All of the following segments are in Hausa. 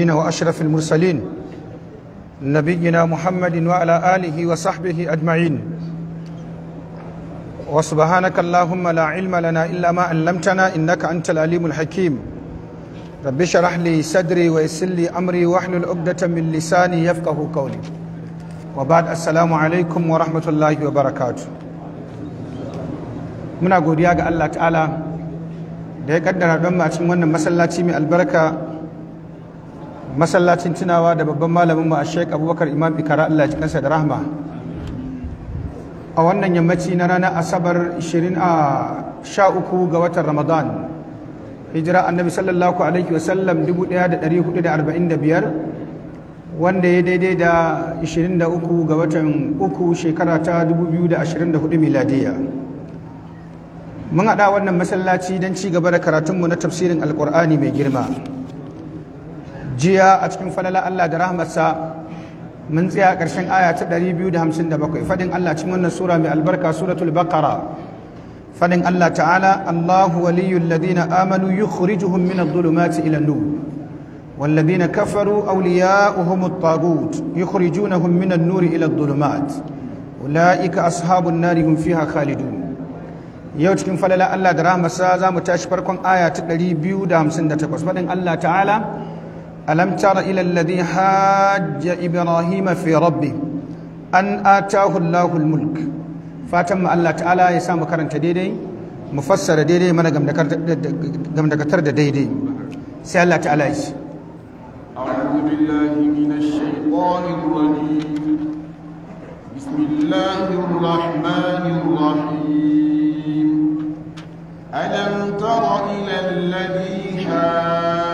وأشرف المرسلين نبينا محمد وعلى آله وصحبه أجمعين وسبحانك اللهم لا علم لنا إلا ما علمتنا إنك أنت العليم الحكيم رب اشرح لي صدري ويسر لي أمري واحلل عقدة من لساني يفقه قولي وبعد السلام عليكم ورحمة الله وبركاته muna godiya ga Allah ta'ala da ya kaddara don macin wannan masallaci mai albarka masallacin tunawa da babban malamin mu a sheik abubakar imam ikara allah cikin kansa da rahma a wannan yammaci na ranar asabar 23 a ga watan ramadan hijira annabi sallallahu alaihi wasallam 1445 wanda ya daidai da 23 ga watan uku shekara ta 2024 miladiya mun haɗa wannan masallaci don ci gaba da karatunmu na tafsirin alkur'ani mai girma jiya a cikin falala Allah da rahmarsa mun tsaya ƙarshen aya ta 257 fadin Allah cikin wannan sura mai albarka suratul baqara fadin Allah ta'ala Allahu waliyul ladina amanu yukhrijuhum min adh-dhulumati ila an-nur والذين كفروا أولياؤهم الطاغوت يخرجونهم من النور إلى الظلمات أولئك أصحاب النار هم فيها خالدون yau cikin falala Allah da rahmasa za mu tashi farkon aya ta 258 faɗin Allah ta'ala ألم تر إلى الذي حاج إبراهيم في ربه أن آتاه الله الملك فاتم الله تعالى يسام كرنت ديدي مفسر ديدي من قم دكتر ديدي سأل الله تعالى أعوذ بالله من الشيطان الرجيم بسم الله الرحمن الرحيم ألم تر إلى الذي حاج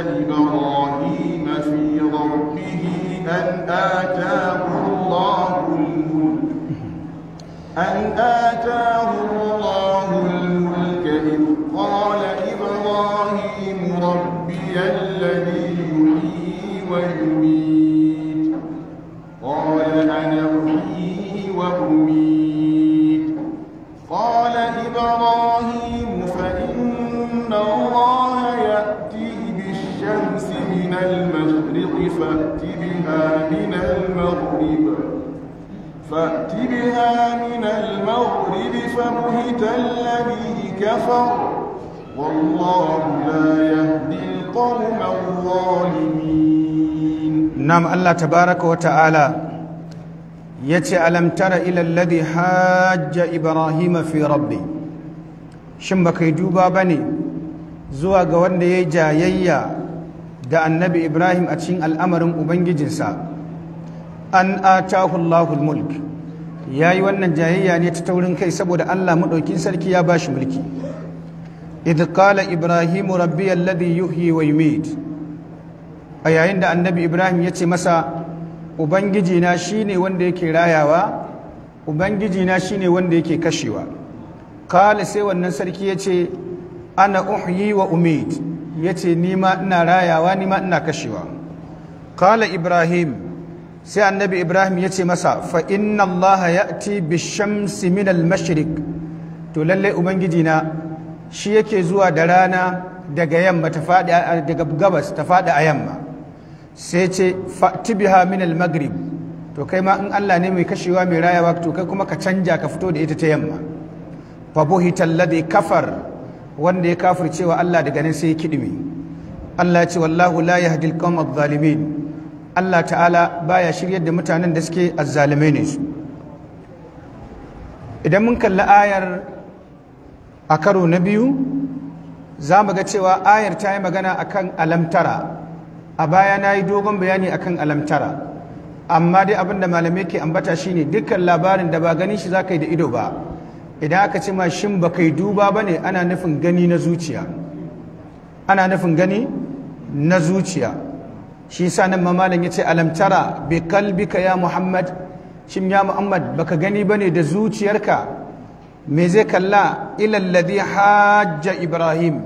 إبراهيم في ربه أن آتاه الله الملك أن آتاه الله فبهت الذي كفر والله لا يهدي القوم الظالمين نعم الله تبارك وتعالى يتي ألم تر إلى الذي حاج إبراهيم في ربي شمبك يدوبا بني zuwa ga wanda ya yi jayayya da annabi ibrahim a cikin al'amarin ubangijinsa an atahullahu mulk ya yi wannan jayayya ne ta taurin kai saboda Allah maɗaukin sarki ya ba shi mulki idh qala ibrahimu rabbi alladhi yuhyi wa yumiit a yayin da annabi ibrahim ya ce masa ubangiji na shine wanda yake rayawa ubangiji na shine wanda yake kashewa qala sai wannan sarki ya ce ana uhyi wa umiit ya ce ni ma ina rayawa ni ma ina kashewa qala ibrahim sai annabi ibrahim ya ce masa fa inna allaha ya'ti bishamsi min al to lallai ubangiji na shi yake zuwa da rana daga yamma ta fadi daga gabas ta fadi a yamma sai ce fa'ti biha min al-maghrib to kai ma in Allah ne mai kashewa mai rayawa to kai kuma ka canja ka fito da ita ta yamma fa buhita alladhi kafar wanda ya kafircewa Allah daga nan sai ya kidime Allah ya ce wallahu la yahdi al adh-dhalimin Allah ta'ala baya shirya da mutanen da suke azzalumai ne su idan mun kalli ayar a karo na biyu za mu ga cewa ayar ta yi magana akan alamtara a baya na yi dogon bayani akan alamtara amma dai abin da malamai ke ambata shi ne, dukkan labarin da ba gani shi za ka yi da ido ba idan aka ce ma shin ba kai duba ba ne ana nufin gani na zuciya shi sa nan mamalin ya ce alamtara kalbi ka ya muhammad shin ya muhammad baka gani bane da zuciyarka me zai kalla ilalladi hajja ibrahim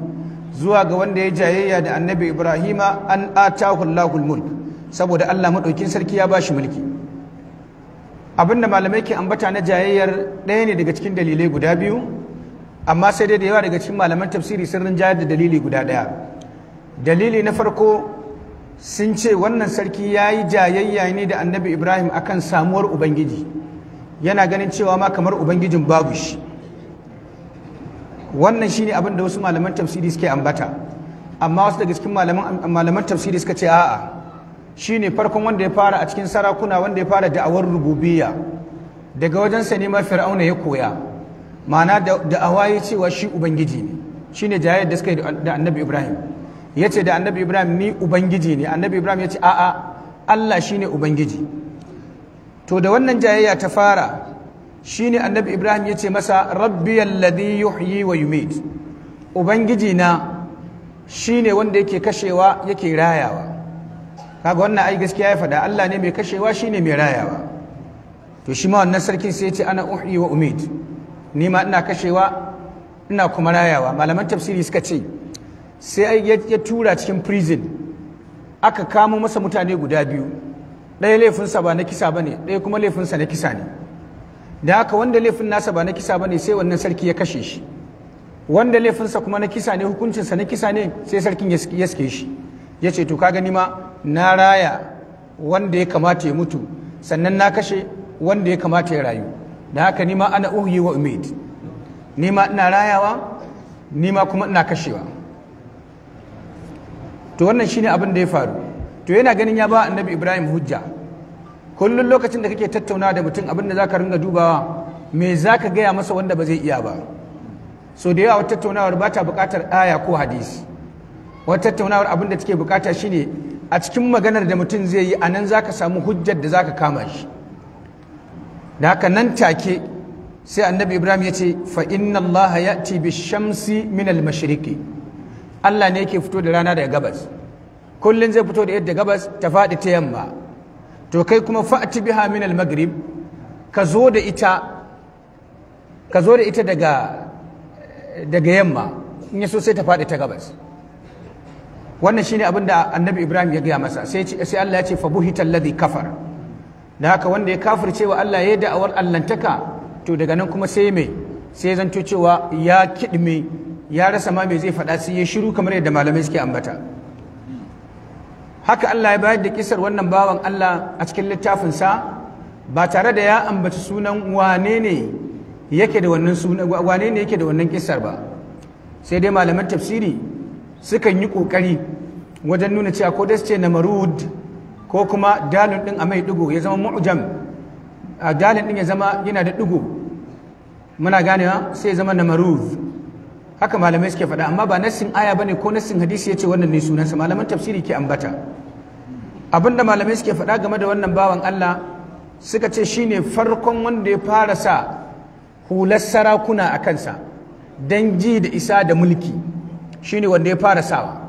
zuwa ga wanda ya jayayya da annabi ibrahima an atahu allahul mulk saboda allah madaukin sarki ya ba shi mulki abinda malamai ke ambata na jayayyar ɗaya ne daga cikin dalilai guda biyu amma sai dai da yawa daga cikin malaman tafsiri sirrin jayar da dalili guda ɗaya dalili na farko sun ce wannan sarki ya yi jayayya ne da annabi ibrahim akan samuwar ubangiji yana ganin cewa ma kamar ubangijin babu shi wannan shi abin da wasu malaman tafsiri suke ambata amma wasu daga cikin malaman tafsiri suka ce a'a shi ne farkon wanda ya fara a cikin sarakuna wanda ya fara da'awar rububiya. daga wajensa ne ma fir'auna ya koya ma'ana da'awa ya cewa shi ubangiji ne shi ne jayayyar da suka yi da annabi ibrahim ya ce da annabi ibrahim ni ubangiji ne annabi ibrahim ya ce a'a allah shine ubangiji to da wannan jayayya ta fara shine annabi ibrahim ya ce masa rabbi alladhi yuhyi wa yumit ubangiji na shine wanda yake kashewa yake rayawa kaga wannan ai gaskiya ya faɗa allah ne mai kashewa shine mai rayawa to shi ma wannan sarki sai ya ce ana uhyi wa umit ni ma ina kashewa ina kuma rayawa malaman tafsiri suka ce sai ya tura cikin prison aka kamo masa mutane guda biyu ɗaya laifinsa ba na kisa ba ne ɗaya kuma laifinsa na kisa ne da haka wanda laifin nasa ba na kisa ba ne sai wannan sarki ya kashe shi wanda laifinsa kuma na kisa ne hukuncinsa na kisa ne sai sarkin ya suke shi ya ce to ka gani ma na raya wanda ya kamata ya mutu sannan na kashe wanda ya kamata ya rayu da haka nima ana uhyi wa umid nima ina rayawa nima kuma ina kashewa to wannan shine abin da ya faru to yana ganin ya ba annabi ibrahim hujja kullum lokacin da kake tattauna da mutum abin da zaka ringa dubawa me zaka gaya masa wanda ba zai iya ba so da yawa tattaunawar ba ta buƙatar aya ko hadisi wata tattaunawar abin da take buƙata shine a cikin maganar da mutum zai yi anan zaka samu hujjar da zaka kama shi da haka nan take sai annabi ibrahim ya ce fa inna allaha ya'ti shamsi min al-mashriqi Allah ne yake fito da rana daga gabas kullun zai fito da yadda gabas ta faɗi ta yamma to kai kuma fa'ati biha min al-maghrib ka zo da ita ka zo da ita daga daga yamma in yaso sai ta faɗi ta gabas wannan shine abin da annabi Ibrahim ya gaya masa sai sai Allah ya ce fa ladhi kafar da haka wanda ya kafirce wa Allah ya da'awar allantaka to daga nan kuma sai me sai zanto cewa ya kidme ya rasa ma me zai faɗa sai ya shiru kamar yadda malamai suke ambata haka Allah ya bayar da kisar wannan bawan Allah a cikin littafinsa ba tare da ya ambaci sunan wane ne yake da wannan kisar ba sai dai malaman tafsiri sukan yi kokari wajen nuna cewa ko dace na ce ko kuma dalin din a mai digo ya zama mu'jam dalin din ya zama yana da digo muna ganewa sai ya zama namarud haka malamai suke faɗa amma ba nassin aya bane ko nassin hadisi yace wannan ne sunansa malaman tafsiri ke ambata abinda malamai suke fada game da wannan bawan Allah suka ce shine farkon wanda ya fara sa hular sarakuna a kansa don ji da isa da mulki shine wanda ya fara sawa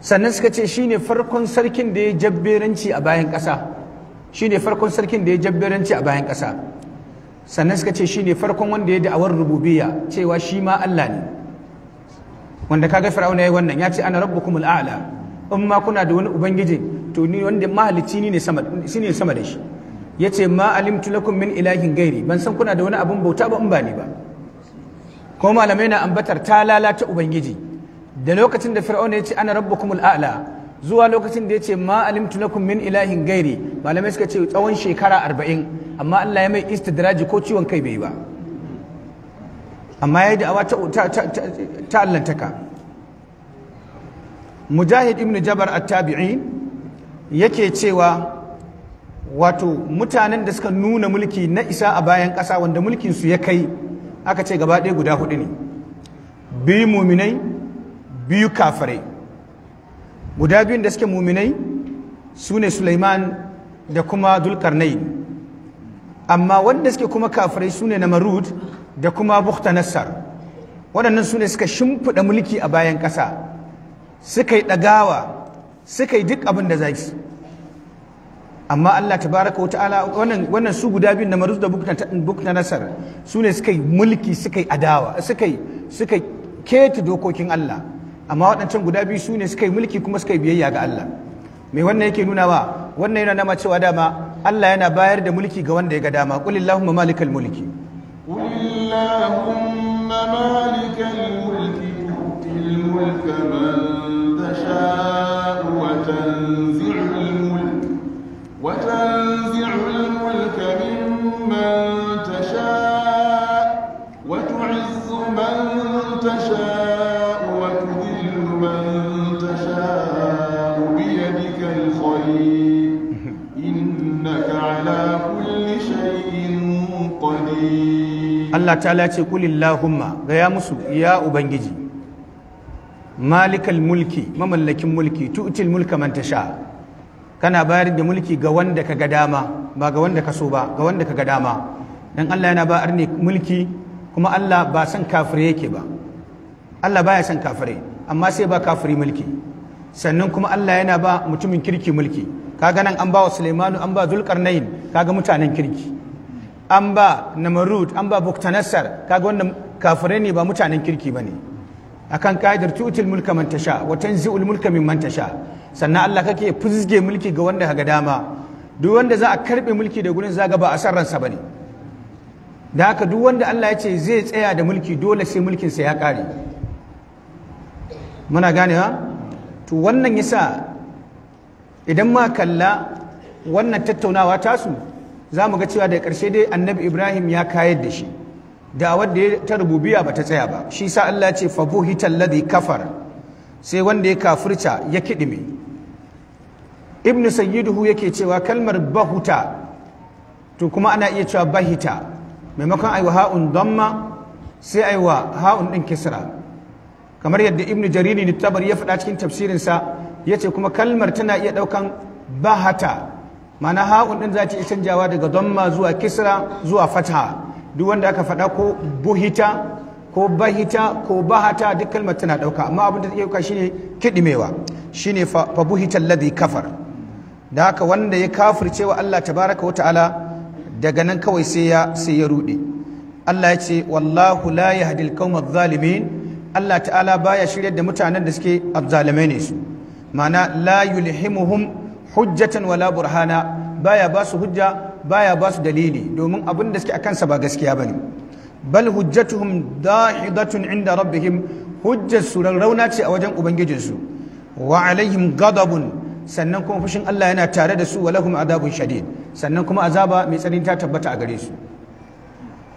sannan suka ce shine farkon sarkin da ya jabberanci a bayan ƙasa shine farkon sarkin da ya jabberanci a bayan ƙasa sannan suka ce shi ne farkon wanda ya da'awar rububiya cewa shi ma Allah ne wanda kaga fir'auna yayi wannan ya ce ana kuma a'la in ma kuna da wani ubangiji to ni wanda mahalicci ni ne sama da shi yace ma alimtu lakum min ilahin gairi ban san kuna da wani abun bauta ba in ba ni ba ko malamai na ambatar ta lalata ubangiji da lokacin da fir'auna ya ce ana kuma a'la zuwa lokacin da ya ce ma alimtu lakum min ilahin gairi malamai suka ce tsawon shekara arba'in amma Allah ya mai istidraji ko ciwon kai bai ba amma ya yi da'awa ta allantaka mujahid ibn jabar at-tabi'i yake cewa wato mutanen da suka nuna mulki na isa a bayan ƙasa wanda mulkin su ya kai aka ce gaba ɗaya guda hudu ne biyu muminai biyu kafirai guda biyun da suke muminai su ne Suleiman da kuma Dulkarnai amma wanda suke kuma kafirai su ne na marud da kuma nassar waɗannan su ne suka shimfiɗa mulki a bayan ƙasa suka yi ɗagawa suka yi duk abin da za su amma Allah baraka wata ta'ala wannan su guda biyun Namarud da Buhtanassar su ne suka yi mulki suka yi adawa suka yi keta dokokin Allah amma waɗancan guda biyu su ne suka yi mulki kuma suka yi biyayya ga Allah mai wannan yake nuna wa wannan yana nama cewa dama Allah yana bayar da mulki ga wanda ya ga dama qul illahumma malikal mulki qul illahumma mulki tu'til mulka man tasha'u wa Allah ta'ala ce kulillahumma gaya musu ya ubangiji malikal mulki mamallakin mulki tu'til mulka man tasha kana bayar da mulki ga wanda ka ga dama ba ga wanda ka so ba ga wanda ka ga dama dan Allah yana ba arne mulki kuma Allah ba san kafire yake ba Allah baya san kafire amma sai ba kafiri mulki sannan kuma Allah yana ba mutumin kirki mulki kaga nan an ba wa Sulaimanu an ba Zulkarnain kaga mutanen kirki an ba namarud an ba buktanassar kaga wannan kafirai ne ba mutanen kirki ba bane akan ka'idar tutul mulka man tasha wa tanzi'ul mulka mimman tasha sannan Allah kake fuzge mulki ga wanda ga dama duk wanda za a karbe mulki da gurin zaga ba a san ransa bane da haka duk wanda Allah ya ce zai tsaya da mulki dole sai mulkin sa ya kare muna gane ganewa to wannan yasa idan ma kalla wannan tattaunawa tasu za mu ga cewa da ƙarshe dai annabi ibrahim ya kayar da shi da'awar ya ta rububiya ba ta tsaya ba shi sa Allah ce fabu hitar ladi kafar sai wanda ya kafirta ya kidime ibn sayyiduhu yake cewa kalmar bahuta to kuma ana iya cewa bahita maimakon aiwa ha'un damma sai aiwa ha'un ɗin kisra kamar yadda ibn jariri ne tabar ya faɗa cikin tafsirinsa Ya ce kuma kalmar tana iya ɗaukan bahata mana ha'un ɗin za ta canjawa daga damma zuwa kisra zuwa fatha duk wanda aka faɗa ko buhita ko bahita ko bahata duk kalmar tana ɗauka amma abin da ta ɗauka shine kiɗimewa shine fa buhita alladhi kafar da haka wanda ya kafirce wa Allah tabaraka wa ta'ala daga nan kawai sai ya sai ya rude Allah ya ce wallahu la yahdi al-qawma adh Allah ta'ala baya shiryar da mutanen da suke azzalimai ne su ma'ana la yulhimuhum hujjatan wala burhana baya ba su hujja baya ba su dalili domin abin da suke a kansa ba gaskiya bane bal hujjatuhum dahidatun inda rabbihim hujjar su rauna ce a wajen ubangijinsu wa alaihim ghadabun sannan kuma fushin Allah yana tare da su wa lahum adabun shadid sannan kuma azaba mai tsanani ta tabbata a gare su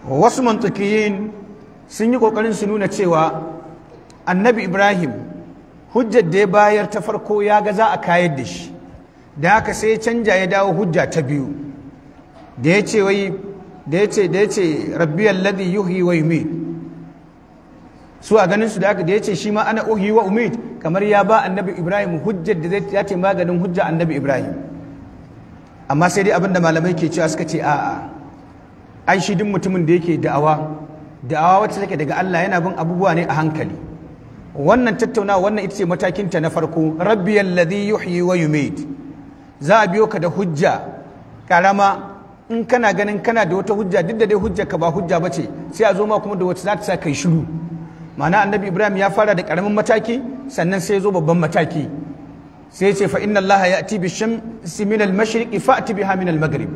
wasu mantakiyin sun yi kokarin su nuna cewa annabi Ibrahim hujjar da ya bayar ta farko ya ga za a kayar da shi da haka sai canja ya dawo hujja ta biyu da ya ce wai da ya ce da ya ce rabbi alladhi yuhyi wa su a ganin su da haka da ya ce shi ma ana uhyi wa umid kamar ya ba annabi ibrahim hujjar da zai ta maganin hujja annabi ibrahim amma sai dai abinda malamai ke cewa suka ce a'a ai shi duk mutumin da yake da'awa da'awa wacce take daga Allah yana bin abubuwa ne a hankali wannan tattaunawa wannan ita ce matakinta na farko rabbi alladhi yuhyi wa yumiit za a biyo ka da hujja karama in kana ganin kana da wata hujja duk da dai hujja ka ba hujja ba ce sai a zo ma kuma da wata za ta sa kai shiru ma'ana annabi ibrahim ya fara da karamin mataki sannan sai ya zo babban mataki sai ya ce fa inna allaha ya'ti bi shamsi min al mashriqi ati biha min al maghrib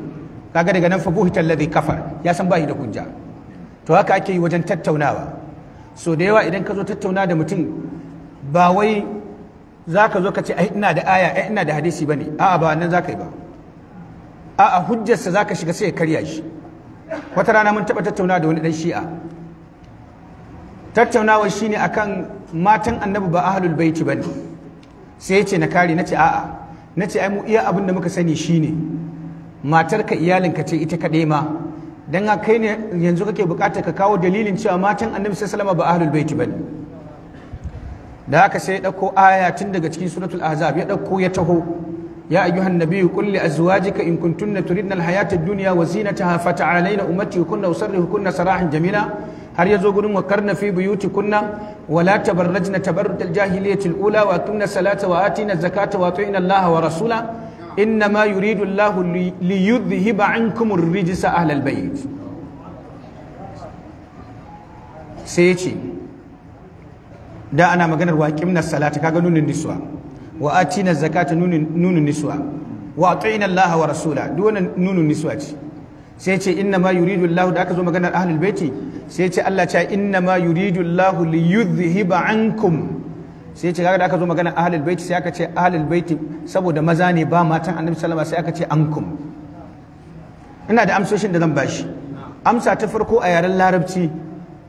kaga daga nan fa buhita alladhi kafar ya san shi da hujja to haka ake yi wajen tattaunawa so da yawa idan ka zo tattauna da mutum ba wai za ka zo ka ce ai ina da aya ai ina da hadisi ba ne a'a ba nan za ka yi ba a'a hujjarsa za ka shiga sai ya karya shi wata rana mun taɓa tattauna da wani ɗan shi'a tattaunawar shi ne akan matan annabi ba ahalul baiti ba ne sai ya ce na kare na ce a'a na ce ai mu iya abin da muka sani shi ne matarka iyalinka ce ita kaɗai ma don kai ne yanzu kake buƙatar ka kawo dalilin cewa matan annabi sai salama ba ahalul baiti ba ne da haka sai ya ɗauko aya tun daga cikin suratul ahzab ya ɗauko ya taho ya ayyuhan nabiyyu qul li azwajika in kuntunna turidna alhayata ad-dunya wa zinataha fata'alaina ummati kunna usarrihukunna sarahan jamila har yazo gurin wa karna fi buyutikunna wa la tabarrajna tabarruj al-jahiliyyati al-ula wa aqimna salata wa atina zakata wa atina allaha wa rasula innama yuridu allahu li yudhhiba ankum ar-rijsa ahlal bayt sai ce da ana maganar wa na salata kaga nunin niswa wa atina zakata nunin nunin niswa wa atina Allah wa rasula duk wannan nunin niswa ce sai ce inna ma yuridu Allah da aka zo maganar ahlul baiti sai ce Allah ce inna ma yuridu Allah li yudhhiba ankum sai ce kaga da aka zo maganar ahlul baiti sai aka ce ahlul baiti saboda maza ne ba matan Annabi sallallahu alaihi wasallam sai aka ce ankum ina da amsoshin da zan bashi amsa ta farko a yaren larabci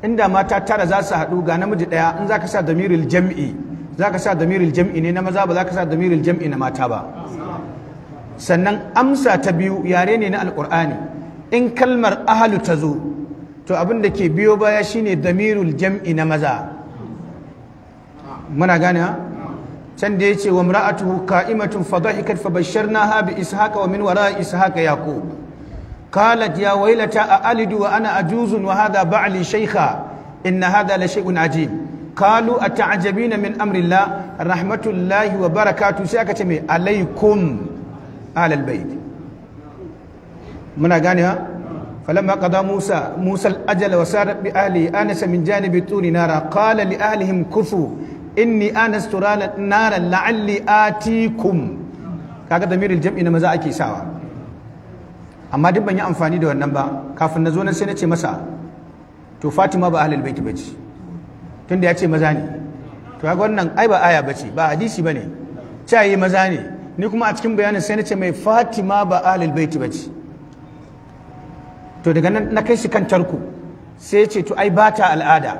inda mata tara za su haɗu ga namiji ɗaya in za ka sa damiril jam'i za ka sa damiril jam'i ne na maza ba za ka sa damiril jam'i na mata ba sannan amsa ta biyu yare ne na alƙur'ani in kalmar ahalu ta zo to abin da ke biyo baya shine damirul jam'i na maza muna gane ha can da ce wa imra'atuhu qa'imatun na, fabashsharnaha bi ishaqa wa min wara'i ishaqa yaqub قالت يا ويلتى أألد وأنا أجوز وهذا بعلي شيخا إن هذا لشيء عجيب قالوا أتعجبين من أمر الله رحمة الله وبركاته سيكتمي عليكم أهل البيت من أغانيها فلما قضى موسى موسى الأجل وسار بأهله آنس من جانب طور نارا قال لأهلهم كثوا إني آنست نارا لعلي آتيكم كاكا ضمير الجمع إنما زاكي ساوى amma duk ban yi amfani da wannan ba kafin na zo nan sai na ce masa to fatima ba ahlul bait bace tunda ya ce maza ne to kaga wannan ai ba aya bace ba hadisi bane cewa yi maza ne ni kuma a cikin bayanin sai na ce mai fatima ba ahlul bait bace to daga nan na kai shi kan tarku sai ya ce to ai bata al'ada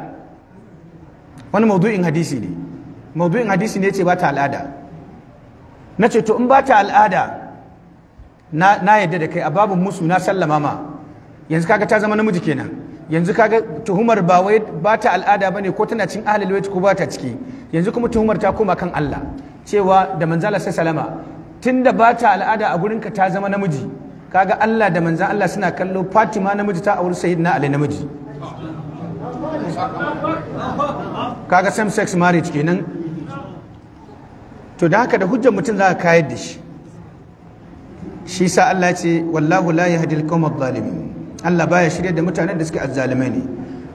wani maudu'in hadisi ne maudu'in hadisi ne ya ce bata al'ada na ce to in bata al'ada na yadda da kai a babin musu na sallama ma yanzu kaga ta zama namiji kenan yanzu kaga tuhumar ba wai ba ta al'ada bane ko tana cin ahlul bait ko ba ta ciki yanzu kuma tuhumar ta koma kan Allah cewa da manzala sai salama tunda ba ta al'ada a gurinka ta zama namiji kaga Allah da manzan Allah suna kallo Fatima namiji ta auri Sayyidina Ali namiji kaga same sex marriage kenan to da haka da hujjar mutum za ka kayar da shi shi sa Allah ce wallahu la yahdil qawmal zalimin Allah baya shirya da mutanen da suke azzalimai ne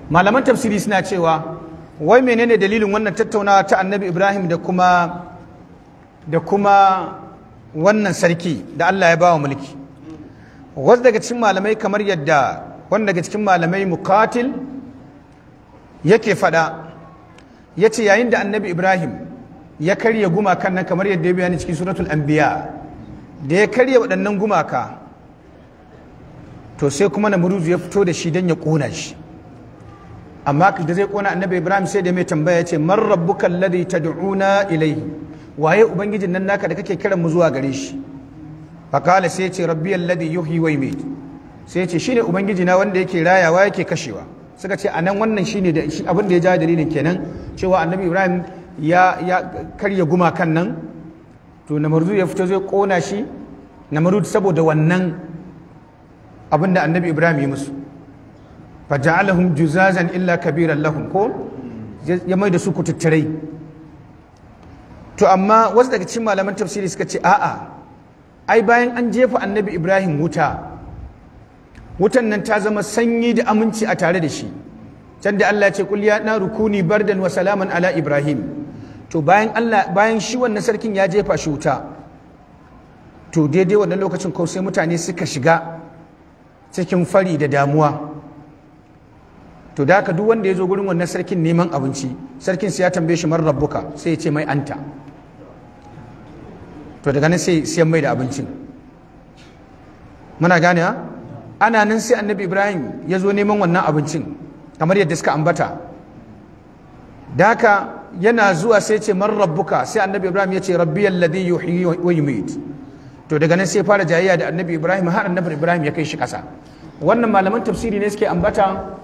malaman tafsiri suna cewa wai menene dalilin wannan tattaunawa ta Annabi Ibrahim da kuma da kuma wannan sarki da Allah ya bawa mulki wasu daga cikin malamai kamar yadda wani daga cikin malamai mukatil yake fada ya ce yayin da annabi ibrahim ya karya gumakan nan kamar yadda ya bayani cikin suratul anbiya da ya karya waɗannan gumaka to sai kuma namuruzu ya fito da shi don ya ƙona shi amma da zai ƙona annabi ibrahim sai da mai tambaya ce man rabbuka alladhi tad'una ilayhi waye ubangijin nan naka da kake kiran mu zuwa gare shi fakala sai ce rabbi alladhi yuhyi wa yumiit sai ce shine ubangiji na wanda yake rayawa yake kashewa suka ce anan wannan shine da abin da ya ja dalilin kenan cewa annabi ibrahim ya karya gumakan nan to namarud ya fito zai kona shi namarud saboda wannan abinda annabi ibrahim yi musu faja'alahum juzazan illa kabiran lahum ko ya mai da su kututturai to amma wasu daga cikin malaman tafsiri suka ce a'a ai bayan an jefa annabi ibrahim wuta wutan nan ta zama sanyi da aminci a tare da shi can da allah ce kul na rukuni bardan wa salaman ala ibrahim to bayan Allah bayan shi wannan sarkin ya jefa shi wuta to daidai wannan lokacin ko sai mutane suka shiga cikin fari da damuwa to da haka duk wanda ya zo gurin wannan sarkin neman abinci sarkin sai ya tambaye shi man rabbuka sai ya ce mai anta to daga nan sai siyan mai da abincin muna gane ana nan sai annabi ibrahim ya zo neman wannan abincin kamar yadda suka ambata da haka yana zuwa sai ce man rabbuka sai annabi ibrahim ya ce rabbi alladhi yuhyi wa yumiit to daga nan sai fara jayayya da annabi ibrahim har annabi ibrahim ya kai shi kasa wannan malaman tafsiri ne suke ambata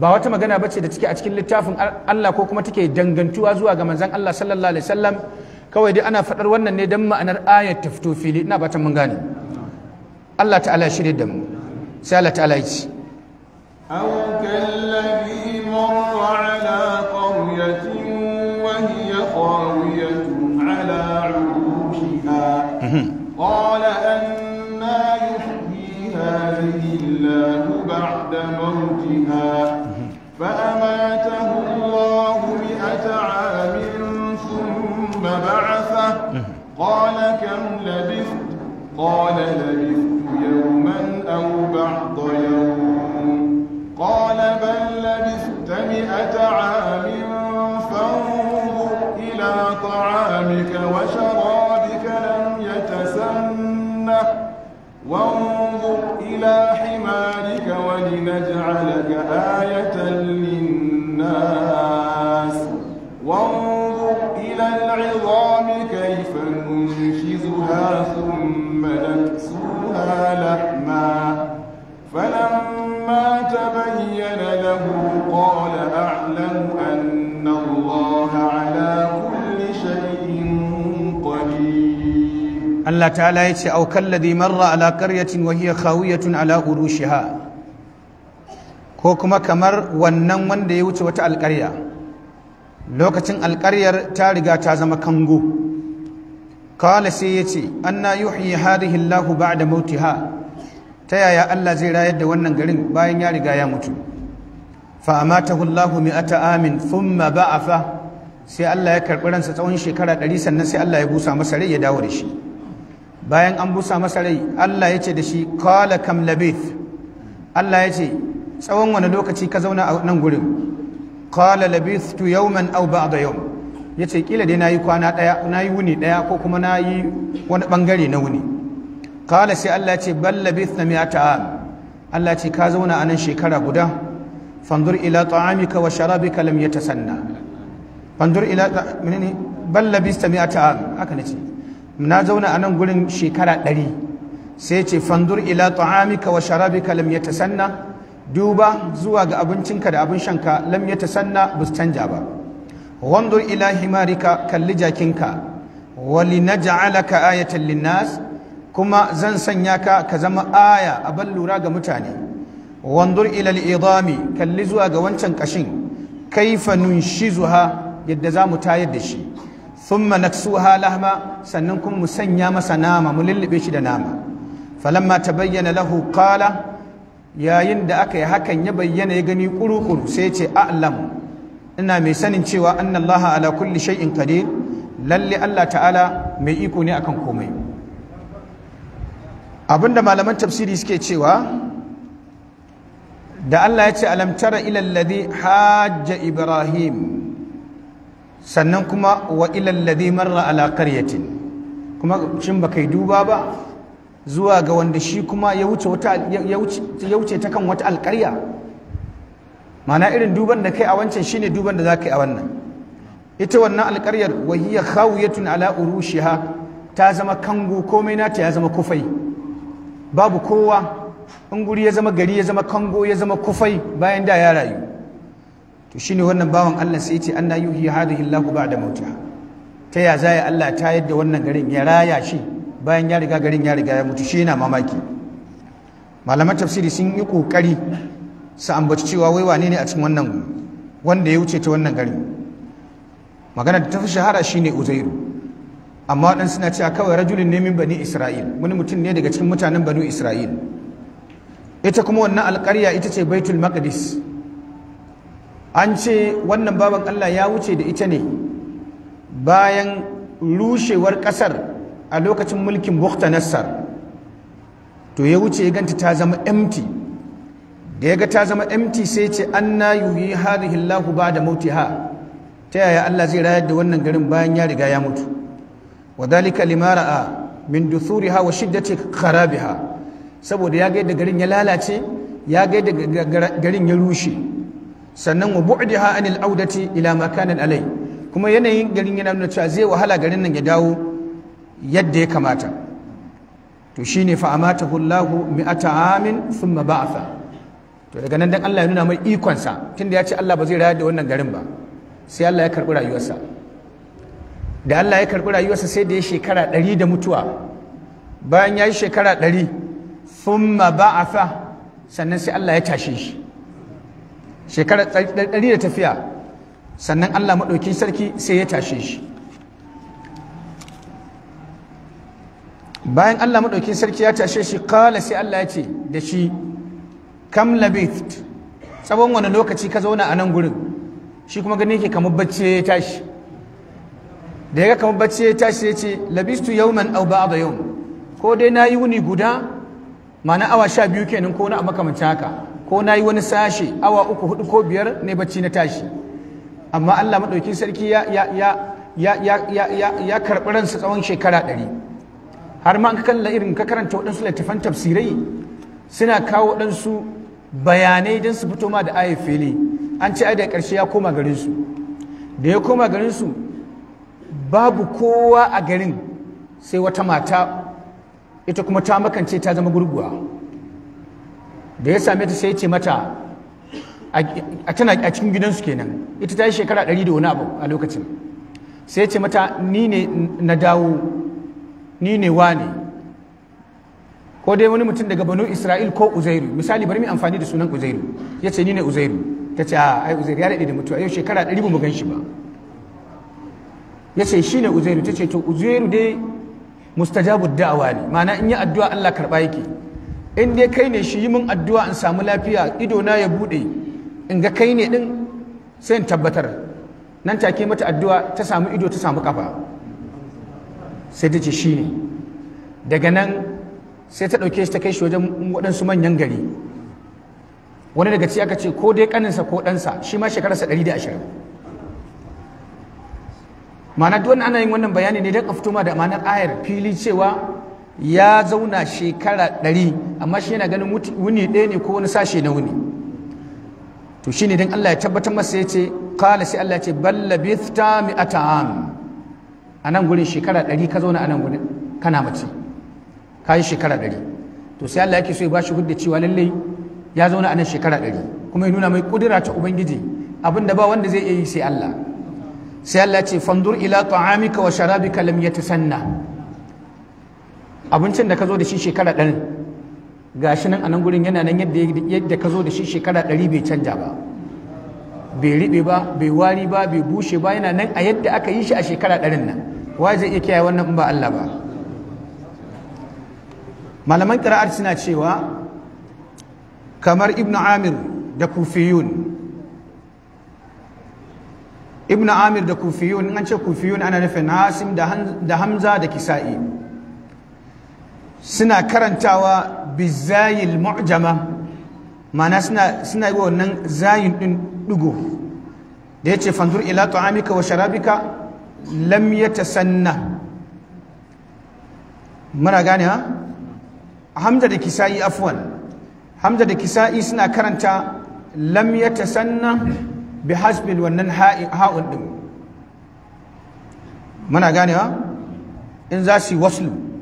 ba wata magana bace da take a cikin littafin Allah ko kuma take dangantuwa zuwa ga manzon Allah sallallahu alaihi wasallam kawai dai ana faɗar wannan ne don ma'anar ayat ta fito fili ina batan mun gane Allah ta'ala shirye da mu sai Allah ta'ala ya ci قال أنا يحيي هذه الله بعد موتها فأماته الله مئة عام ثم بعثه قال كم لبثت قال لبثت يوما أو بعض يوم قال بل لبثت مئة عام فانظر إلى طعامك وشرابك وانظر إلى حمارك ولنجعلك آية للناس Allah ta'ala ya ce aukan ladhi marra ala qaryatin wa khawiyatun ala urushiha ko kuma kamar wannan wanda ya wuce wata alƙarya lokacin alƙaryar ta riga ta zama kango qala sai ya ce anna yuhyi hadhihi Allahu ba'da mautiha ta yaya Allah zai rayar da wannan garin bayan ya riga ya mutu fa amatahu Allahu mi'ata amin thumma ba'afa sai Allah ya karɓi ransa tsawon shekara ɗari sannan sai Allah ya busa masa rai ya dawo da shi bayan an busa masa rai Allah ya ce da shi kala kam labith Allah ya ce tsawon wani lokaci ka zauna a nan gurin kala labith tu yawman aw ba'da yau. ya ce kila dai nayi kwana daya nayi wuni daya ko kuma nayi wani bangare na wuni kala sai Allah ya ce bal labith na mi'ata am Allah ya ce ka zauna a nan shekara guda fandur ila ta'amika wa sharabika lam yatasanna fandur ila menene bal labith mi'ata am haka ce. na zauna a nan gurin shekara ɗari sai ce fandur ila ta'amika wa sharabika lam yatasanna duba zuwa ga abincinka da abin shanka lam yatasanna bus canja ba wandur ila himarika kalli jakinka na linaj'alaka ayatan linnas kuma zan sanya ka ka zama aya a ban lura ga mutane wandur ila al'idami kalli zuwa ga wancan kashin kaifa nunshizuha yadda za mu tayar da shi thumma naksuha lahma sannan kuma mu sanya masa nama mu lullube shi da nama falamma tabayyana lahu qala yayin da aka yi hakan ya bayyana ya gani kurukuru sai ce a'lam ina mai sanin cewa annallaha ala kulli shay'in qadir lalle Allah ta'ala mai iko ne akan komai abinda malaman tafsiri suke cewa da Allah ya ce alam tara ila alladhi hajja ibrahim sannan kuma wa ilal marra ala qaryatin kuma shin baka yi duba ba zuwa ga wanda shi kuma ya wuce wata ta kan wata alƙarya Mana irin duban da kai a wancan shine duban da za ka yi a wannan ita wannan alƙaryar wa hiya khawiyatun ala urushiha ta zama kango komai nata ya zama kufai babu kowa in guri ya zama gari ya zama kango ya zama kufai bayan da ya rayu to shine wannan bawan Allah sai ce anna yuhi hadhihi Allahu da Mauta. ta ya zai Allah ta yadda wannan garin ya raya shi bayan ya riga garin ya riga ya mutu shi yana mamaki malaman tafsiri sun yi kokari su ambaci cewa wai wane ne a cikin wannan wanda ya wuce ta wannan garin magana da ta fi shahara ne Uzairu amma waɗansu suna cewa kawai rajulun ne min bani Isra'il wani mutum ne daga cikin mutanen bani Isra'il ita kuma wannan alƙarya ita ce Baitul Maqdis an ce wannan baban Allah ya wuce da ita ne bayan rushewar ƙasar a lokacin mulkin Bukta Nassar to ya wuce ya ganta ta zama empty da ya ga ta zama empty sai ce an na anna yuhyi ba da mauti ha. ta yaya Allah zai rayar da wannan garin bayan ya riga ya mutu Limara a, min ha wa karabi ha. saboda ya ga yadda garin ya lalace ya ga yadda garin ya rushe sannan wa bu'diha anil audati ila makanan alai kuma yanayin garin yana nuna cewa zai wahala garin nan ya dawo yadda ya kamata to shine fa amatahu Allahu mi'ata amin thumma ba'atha to daga nan dan Allah ya nuna mai ikonsa sa tunda ya ce Allah ba zai rayar da wannan garin ba sai Allah ya karbi rayuwarsa da Allah ya karbi rayuwarsa sai da ya shekara ɗari da mutuwa bayan ya yi shekara ɗari thumma ba'atha sannan sai Allah ya tashe shi shekara ɗari da tafiya sannan Allah maɗauki sarki sai ya tashe shi bayan Allah maɗauki sarki ya tashe shi kala sai Allah ya ce da shi kam labith tsawon wani lokaci ka zauna a nan gurin shi kuma gani ke kamar bacci ya tashi da ya ga kamar bacci ya tashi ya ce labistu yawman aw ba'da yau ko dai na yi wuni guda ma'ana awa sha biyu kenan ko na makamancin haka ko na yi wani sashe awa uku hudu ko biyar ne bacci na tashi amma Allah maɗauki sarki ya karɓi ransa tsawon shekara ɗari har ma an kalla irin ka karanta waɗansu littattafan tafsirai suna kawo waɗansu bayanai don su fito ma da ayat fili an ce ai da ƙarshe ya koma garin su, da ya koma garin su babu kowa a garin sai wata mata ita kuma ta makance ta zama gurguwa da ya same ta sai ya ce mata a tana a cikin gidansu kenan ita ta yi shekara ɗari da wani abu a lokacin sai ya ce mata ni ne na dawo ni ne wa ne ko dai wani mutum daga banu isra'il ko uzairu misali bari mai amfani da sunan uzairu ya ce ni ne uzairu ta ce a ah, ai uzairu ya daɗe da mutuwa yau shekara ɗari ba mu gan shi ba ya ce shi ne uzairu ta ce to uzairu dai mustajabu da'awa ne ma'ana in yi addu'a allah karɓa yake in dai kai ne shi yi min addu'a in samu lafiya ido na ya bude in ga kai ne din sai in tabbatar nan take mata addu'a ta samu ido ta samu kafa sai ta ce shi ne daga nan sai ta ɗauke shi ta kai shi wajen waɗansu manyan gari wani daga ci aka ce ko dai kaninsa ko ɗansa shi ma shekararsa ɗari da ashirin ma'ana duk ana yin wannan bayani ne don a ma da ma'anar ayar fili cewa ya zauna shekara ɗari amma shi yana ganin wuni ɗaya ne ko wani sashe na wuni to shi ne don Allah ya tabbatar masa ya ce kala sai Allah ya ce balla bithta mi ata'am a nan gurin shekara ɗari ka zauna a nan gurin kana mace ka yi shekara ɗari to sai Allah yake so ya ba shi hudda cewa lallai ya zauna a nan shekara ɗari kuma ya nuna mai ƙudura ta ubangiji abin da ba wanda zai iya yi sai Allah sai Allah ya ce fandur ila ta'amika wa sharabika lam yatasanna abincin da ka zo da shi shekara ɗari shi nan a nan gurin yana nan yadda ka zo da shi shekara ɗari bai canja ba bai riɓe ba bai wari ba bai bushe ba yana nan a yadda aka yi shi a shekara ɗarin nan wa zai iya kiyaye wannan in ba Allah ba malaman ƙira'ar suna cewa kamar ibnu amir da kufiyun ibnu amir da kufiyun an ce kufiyun ana nufin hasim da hamza da kisa'i suna karantawa bizayil mu'jama ma'ana suna yi wannan zayin ɗin ɗigo da ya ce fanzur ila ta'amika wa sharabika lam yatasanna muna gane ha hamza da kisa'i afuwan. hamza da kisa'i suna karanta lam yatasanna bi hasbil wannan ha'un ɗin muna gane ha in za su yi waslu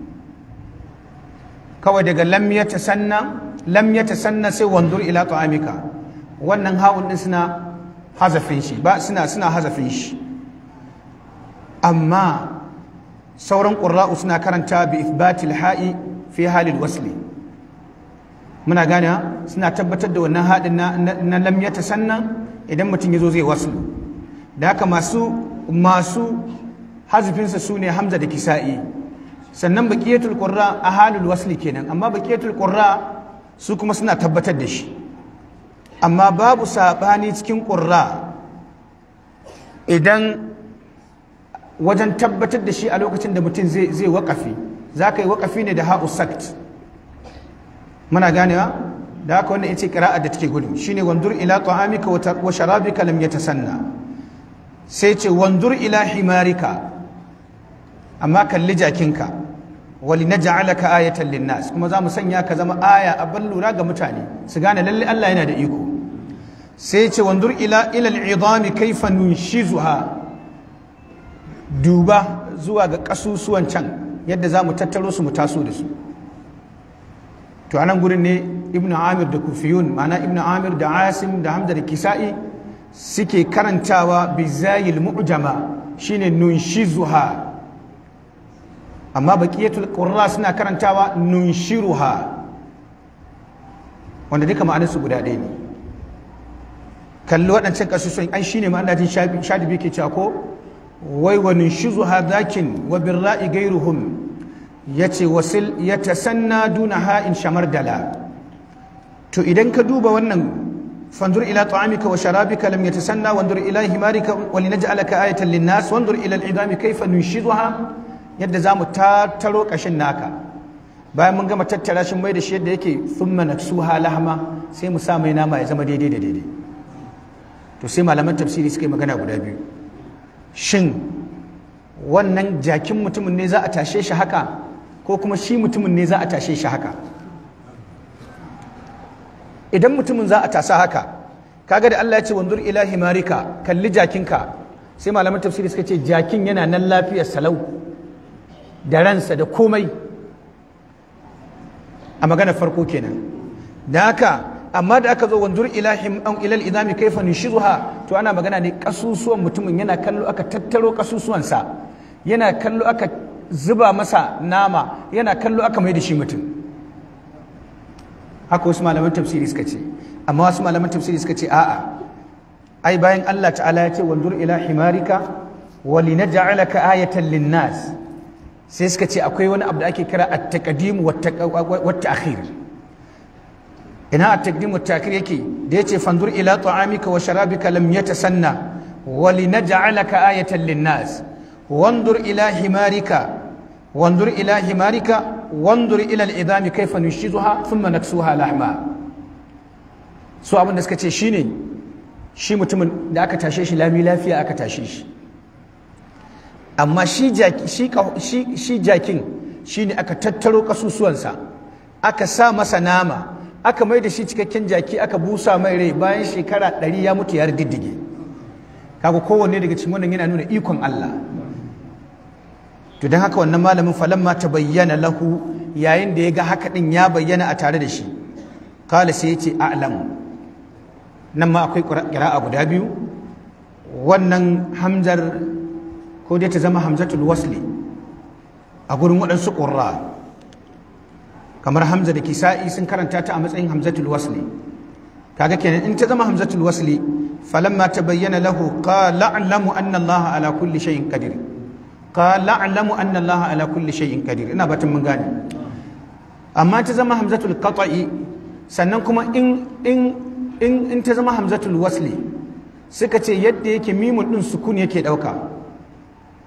kawai daga lam ya tasanna lam sai wandur ila ta'amika wannan ha'un din suna hazafin shi ba suna suna hazafin shi amma sauran qurra'u suna karanta bi ithbatil ha'i fi halil wasli muna gane suna tabbatar da wannan haɗin na lam ya tasanna idan mutum ya zo zai waslu da haka masu masu hazifinsa su ne hamza da kisa'i sannan baqiyatul a ahalul wasli kenan amma baqiyatul qurra su kuma suna tabbatar da shi amma babu sabani cikin qurra idan wajen tabbatar da shi a lokacin da mutum zai zai waƙafi za ka yi waƙafi ne da ha'u sakt muna ganewa da haka wannan yace qira'a da take gudu shine wandur ila ta'amika wa sharabika lam yatasanna sai ce wandur ila himarika amma kalli jakinka wali na ka ayatan linnas kuma za mu sanya ka zama aya a ban lura ga mutane su gane lalle Allah yana da iko sai ce wandur ila ila al'idami kaifa nunshizuha duba zuwa ga kasusuwan can yadda za mu tattaro su mu taso da su to anan gurin ne ibnu amir da kufiyun mana Ibn amir da asim da hamza da kisa'i suke karantawa bizayil mu'jama shine nunshizuha amma baqiyatul qurra suna karantawa nunshiruha wanda duka ma'anarsu guda ɗaya ne kalli waɗancan ƙasusun ai shine ma'anajin shadibi ke cewa ko wai wa nunshizuha zakin wa birra'i gairuhum yace wasil yatasanna dunaha in shamar dala to idan ka duba wannan فانظر إلى طعامك وشرابك لم يتسنى وانظر إلى همارك ولنجعلك آية للناس وانظر إلى العظام كيف ننشدها yadda za mu tattaro ƙashin naka bayan mun gama tattara shi mai da shi yadda yake thumma naksuha lahma sai mu sa mai nama ya zama daidai da daidai to sai malaman tafsiri suka yi magana guda biyu shin wannan jakin mutumin ne za a tashe shi haka ko kuma shi mutumin ne za a tashe shi haka idan mutumin za a tasa haka kaga da Allah ya ce wanzur ila himarika kalli jakinka sai malaman tafsiri suka ce jakin yana nan lafiyar salau da ransa da komai a magana farko kenan da haka amma da aka zo wanzur ilahim an ilal idami kaifa nishizuha to ana magana ne kasusuwan mutumin yana kallo aka tattaro kasusuwansa yana kallo aka zuba masa nama yana kallo aka mai da shi mutum haka wasu malaman tafsiri suka ce amma wasu malaman tafsiri suka ce a'a ai bayan Allah ta'ala ya ce wanzur ila himarika wa linaj'alaka ayatan lin-nas sai suka ce akwai wani abu da ake kira a taqdim wa at ina at-taqdim wa at yake da yace fanzur ila ta'amika wa sharabika lam yatasanna wa linaj'alaka ayatan lin-nas wanzur ila himarika wanzur ila himarika wanzur ila al-idami nushizuha thumma naksuha lahma su abin da suka ce shine shi mutumin da aka tashe shi lami lafiya aka tashe shi amma shi jakin shi ne aka tattaro ƙasusuwansa aka sa masa nama aka mai da shi cikakken jaki aka busa mai rai bayan shekara ɗari ya mutu ya diddige kaga kowanne daga cikin wannan yana nuna ikon Allah to haka wannan malamin falamma ta bayyana lahu yayin da ya ga haka ɗin ya bayyana a tare da shi kala sai ya ce a'lamu nan ma akwai a guda biyu wannan hamzar ko dai ta zama hamzatul wasli a gurin waɗansu ƙurra kamar hamza da kisa'i sun karanta ta a matsayin hamzatul wasli kaga kenan in ta zama hamzatul wasli falamma tabayyana lahu qala a'lamu anna allaha ala kulli shay'in qadir qala a'lamu anna allaha ala kulli shay'in qadir ina batun mun gane amma ta zama hamzatul qata'i sannan kuma in in in, ta zama hamzatul wasli suka ce yadda yake mimun din sukun yake dauka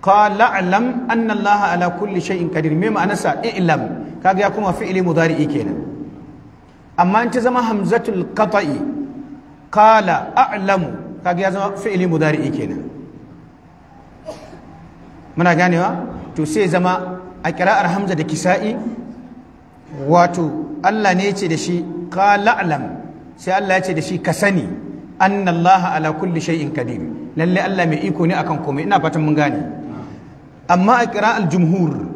qala alam anna Allah ala kulli shay'in qadir me ma'anarsa i'lam kaga ya kuma fi'ili mudari'i kenan amma in ta zama hamzatul qata'i qala a'lamu kaga ya zama fi'ili mudari'i kenan muna ganewa to sai zama a kira'ar hamza da kisa'i wato Allah ne yace da shi qala alam sai Allah yace da shi ka sani anna Allah ala kulli shay'in qadir lalle Allah mai iko ne akan komai ina fatan mun gane amma a ƙira'ar jumhur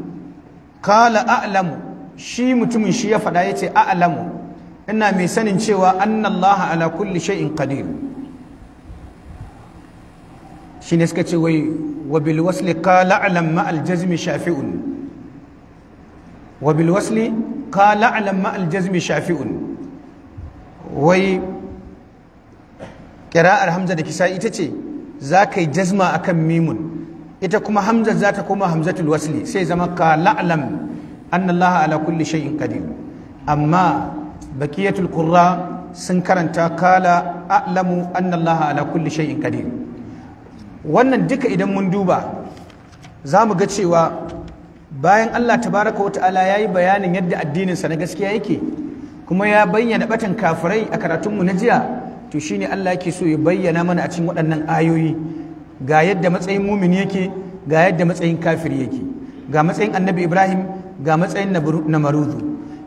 kala a'lamu shi mutumin shi ya faɗa yace a'lamu ina mai sanin cewa annallaha ala kulli shay'in qadir shi ne suka ce wai wa bil wasli kala a'lam ma al jazmi shafi'un wa bil wasli kala a'lam ma al jazmi shafi'un wai ƙira'ar hamza da kisa ita ce za ka yi jazma akan mimun ita kuma hamza za ta koma hamzatul wasli sai zama ka la'lam anna ala kulli shay'in qadir amma bakiyatul qurra sun karanta kala a'lamu anna ala kulli shay'in qadir wannan duka idan mun duba za mu ga cewa bayan Allah tabaraka wa ta'ala yayi bayanin yadda addininsa na gaskiya yake kuma ya bayyana batan kafirai a karatunmu na jiya to shine Allah yake so ya bayyana mana a cikin waɗannan ayoyi ga yadda matsayin mumin yake ga yadda matsayin kafir yake ga matsayin annabi ibrahim ga matsayin namarudu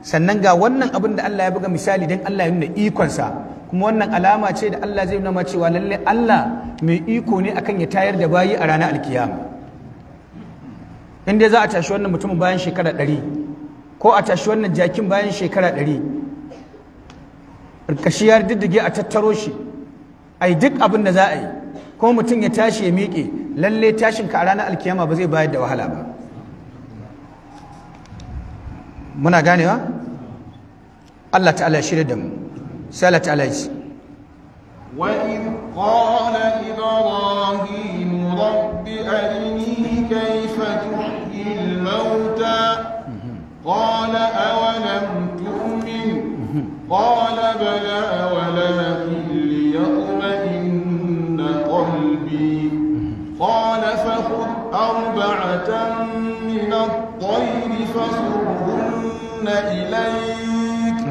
sannan ga wannan abin da allah ya buga misali don allah ya nuna ikonsa kuma wannan alama ce da allah zai nuna cewa lalle allah mai iko ne akan ya tayar da bayi a ranar alkiyama inda za a tashi wannan mutumin bayan shekara ɗari ko a tashi wannan jakin bayan shekara ɗari ƙarƙashi ya diddige a tattaro shi a duk abin da za a yi ko mutum ya tashi ya miƙe lalle tashin ka a ranar alkiyama ba zai bayar da wahala ba muna ganewa Allah ta'ala ya shirya da mu sai Allah ta'ala ya وإذ قال إبراهيم رب أرني كيف تحيي الموتى قال أولم تؤمن قال بلى ولكن قال فخذ أربعة من الطير فصرهن إليك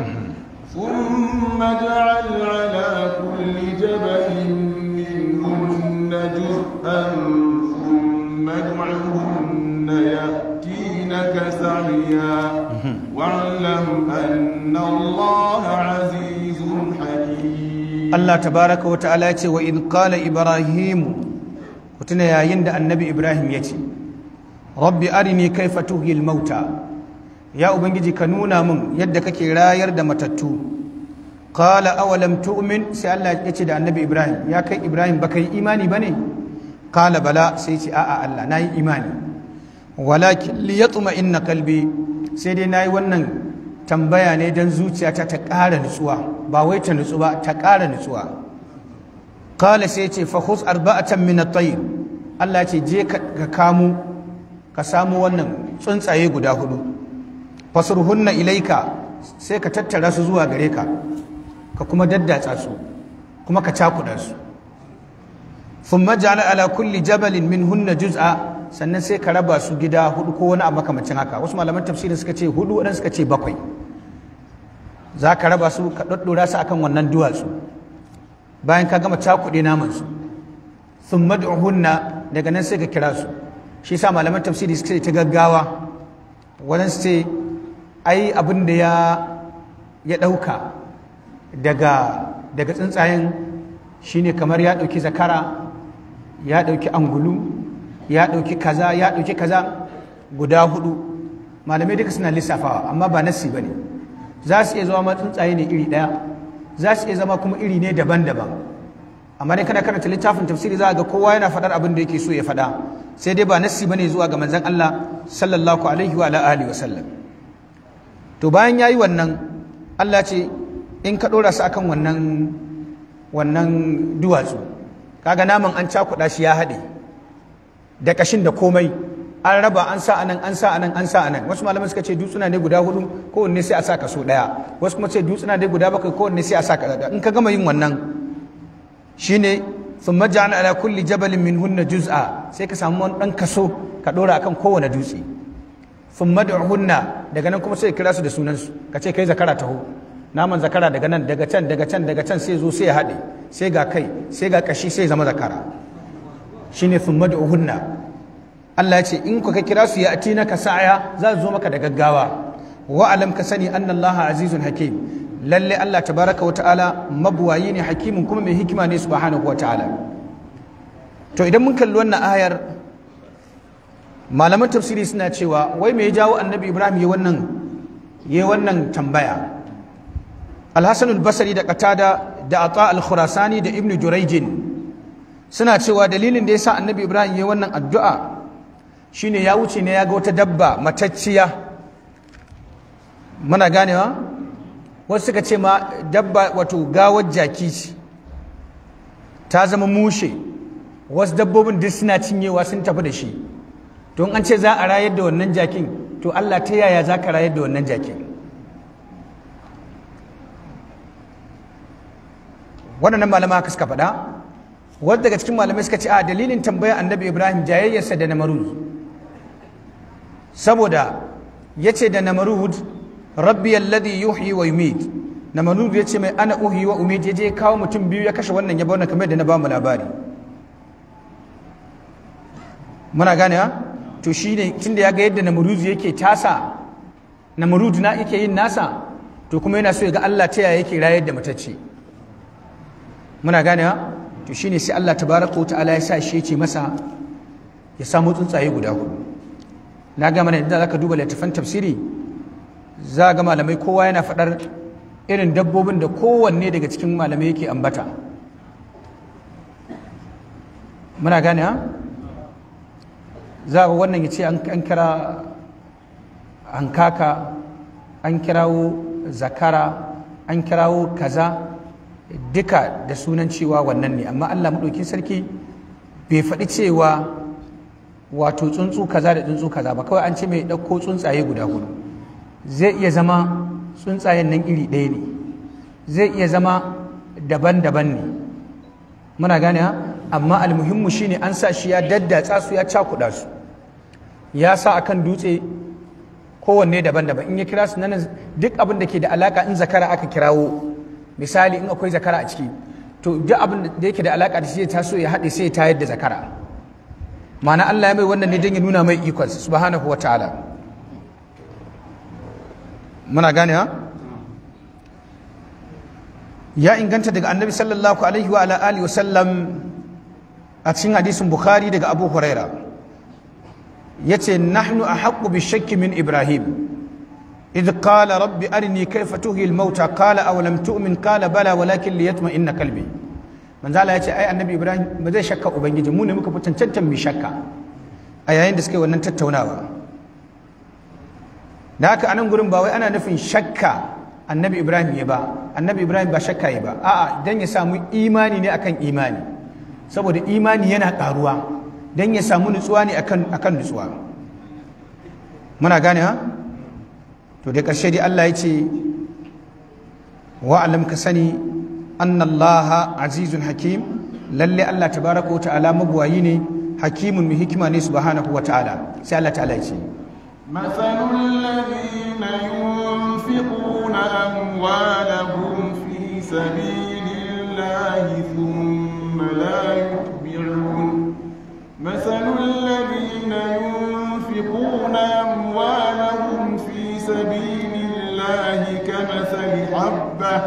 ثم اجعل على كل جبل منهن جزءا ثم ادعهن يأتينك سعيا واعلم أن الله عزيز حكيم الله تبارك وتعالى وإذ قال إبراهيم ku tuna yayin da annabi ibrahim ya ce rabbi arini kaifa tuhyil mauta ya ubangiji ka nuna min yadda kake rayar da matattu qala awalam tu'min sai Allah ya ce da annabi ibrahim ya kai ibrahim baka yi imani bane qala bala sai ce a'a Allah nayi imani walakin liyatma inna kalbi sai dai nayi wannan tambaya ne dan zuciyata ta ƙara nutsuwa ba wai ta nutsu ba ta ƙara nutsuwa kala sai ce fahus arba'atan min at-tayyib Allah ce je ka kamo ka samu wannan tsuntsaye guda hudu hunna ilaika sai ka tattara su zuwa gare ka ka kuma daddatsa su kuma ka cakuda su thumma alakulli ala kulli jabalin minhunna juz'a sannan sai ka raba su gida hudu ko wani a makamancin haka wasu malaman tafsirin suka ce hudu wadansu suka ce bakwai za ka raba su ka daddora su akan wannan duwatsu bayan ka gama cakuɗe naman namansu, sun mad'uhunna daga nan sai ka kira su shi sa malaman tafsiri suka ta gaggawa wajen su ce ai abin da ya ya ɗauka daga daga tsuntsayen shine kamar ya ɗauki zakara ya ɗauki angulu ya ɗauki kaza ya ɗauki kaza guda hudu malamai duka suna lissafawa amma ba nasi ba ne za su iya zama tsuntsaye ne iri ɗaya za su iya zama kuma iri ne daban-daban amma dai kana karanta littafin tafsiri za ga kowa yana faɗar abin da yake so ya faɗa sai dai ba nassi bane zuwa ga manzon Allah sallallahu alaihi wa alihi wa sallam to bayan yayi wannan Allah ce in ka dora su akan wannan wannan duwatsu kaga naman an cakuɗa shi ya haɗe da kashin da komai an raba an sa anan an sa anan an sa anan wasu malamai suka ce dutsuna ne guda hudu kowanne sai a sa kaso daya wasu kuma ce dutsuna ne guda bakwai kowanne sai a sa kaso in ka gama yin wannan shine thumma ja'ala ala kulli jabalin hunna juz'a sai ka samu wani dan kaso ka dora akan kowane dutse thumma hunna daga nan kuma sai kira su da sunan su ka ce kai zakara taho naman zakara daga nan daga can daga can daga can sai zo sai ya haɗe sai ga kai sai ga kashi sai zama zakara shine thumma hunna Allah ya ce in ka kira su ya ati na kasaya sa'aya za su zo maka da gaggawa wa alam ka sani anna Allah azizun hakim lalle Allah tabaraka wa ta'ala mabuwayi ne hakimin kuma mai hikima ne subhanahu wa ta'ala to idan mun kalli wannan ayar malaman tafsiri suna cewa wai me ya jawo annabi Ibrahim ya wannan ya wannan tambaya Al-Hasan al-Basri da Qatada da Ata al-Khurasani da Ibn Jurayj suna cewa dalilin da yasa annabi Ibrahim ya wannan addu'a shine ya wuce ne ya ga wata dabba matacciya muna ganewa wasu suka ce ma dabba wato gawar jaki ce ta zama mushe wasu dabbobin duk suna cinyewa sun tafi da shi to an ce za a rayar da wannan jakin to Allah ta yaya za ka rayar da wannan jakin waɗannan malama haka suka faɗa wadda daga cikin malamai suka ce a dalilin tambayar annabi ibrahim jayayyarsa da na maruni. saboda ya ce da namarud rabbi alladhi yuhi wa yumid namarud ya ce mai ana uhi wa umid ya je kawo mutum biyu ya kashe wannan ya bauna kamar da na ba mu labari muna gane ha to shine da ya ga yadda namarud yake tasa namarud na yake yin nasa to kuma yana so ya ga Allah ta yaya yake rayar da matacce muna gane ha to shine sai Allah tabaraka wa ta'ala ya sa shi ya ce masa ya samu tsuntsaye guda hudu na gama ne za ka duba littafin tafsiri za ga malamai kowa yana faɗar irin dabbobin da kowanne daga cikin malamai yake ambata muna gane ha za ga wannan ya ce an kira ankaka, an kirawo zakara an kirawo kaza duka da sunan cewa wannan ne amma allah maɗaukin sarki bai faɗi cewa wato tsuntsu kaza da tsuntsu kaza ba kawai an ce mai ɗauko tsuntsaye guda hudu zai iya zama tsuntsayen nan iri ɗaya ne zai iya zama daban-daban ne muna gane ha amma almuhimmu shine an sa shi ya daddatsa su ya cakuɗa su ya sa akan dutse kowanne daban-daban in ya kira su nan duk abin da ke da alaka in zakara aka kirawo misali in akwai zakara a ciki to duk abin da yake da alaka da shi ya taso ya haɗe sai ya tayar da zakara ma'ana Allah ya mai wannan ne don ya nuna mai ikon subhanahu wa ta'ala muna gane ha ya inganta daga annabi sallallahu alaihi wa ala alihi wasallam a cikin hadisin bukhari daga abu huraira yace nahnu ahaqqu bi shakki min ibrahim إذ قال رب أرني كيف تهي الموتى قال أولم تؤمن قال بلى ولكن ليطمئن قلبي manzala ya ce ai annabi ibrahim ba zai shakka ubangiji mu ne muka fi cancantan mai shakka a yayin da suka yi wannan tattaunawa da haka anan gurin ba wai ana nufin shakka annabi ibrahim ya ba annabi ibrahim ba shakka ya ba a'a dan ya samu imani ne akan imani saboda imani yana karuwa dan ya samu nutsuwa ne akan akan nutsuwa muna gane ha to da karshe dai Allah ya ce wa alam ka sani annallaha azizun hakim lalle Allah tabaraka wa ta'ala magwayi ne hakimun mai hikima ne subhanahu wa ta'ala sai Allah ta'ala ya ce مثل الذين ينفقون أموالهم في سبيل الله ثم لا يتبعون مثل الذين ينفقون أموالهم في سبيل الله كمثل حبة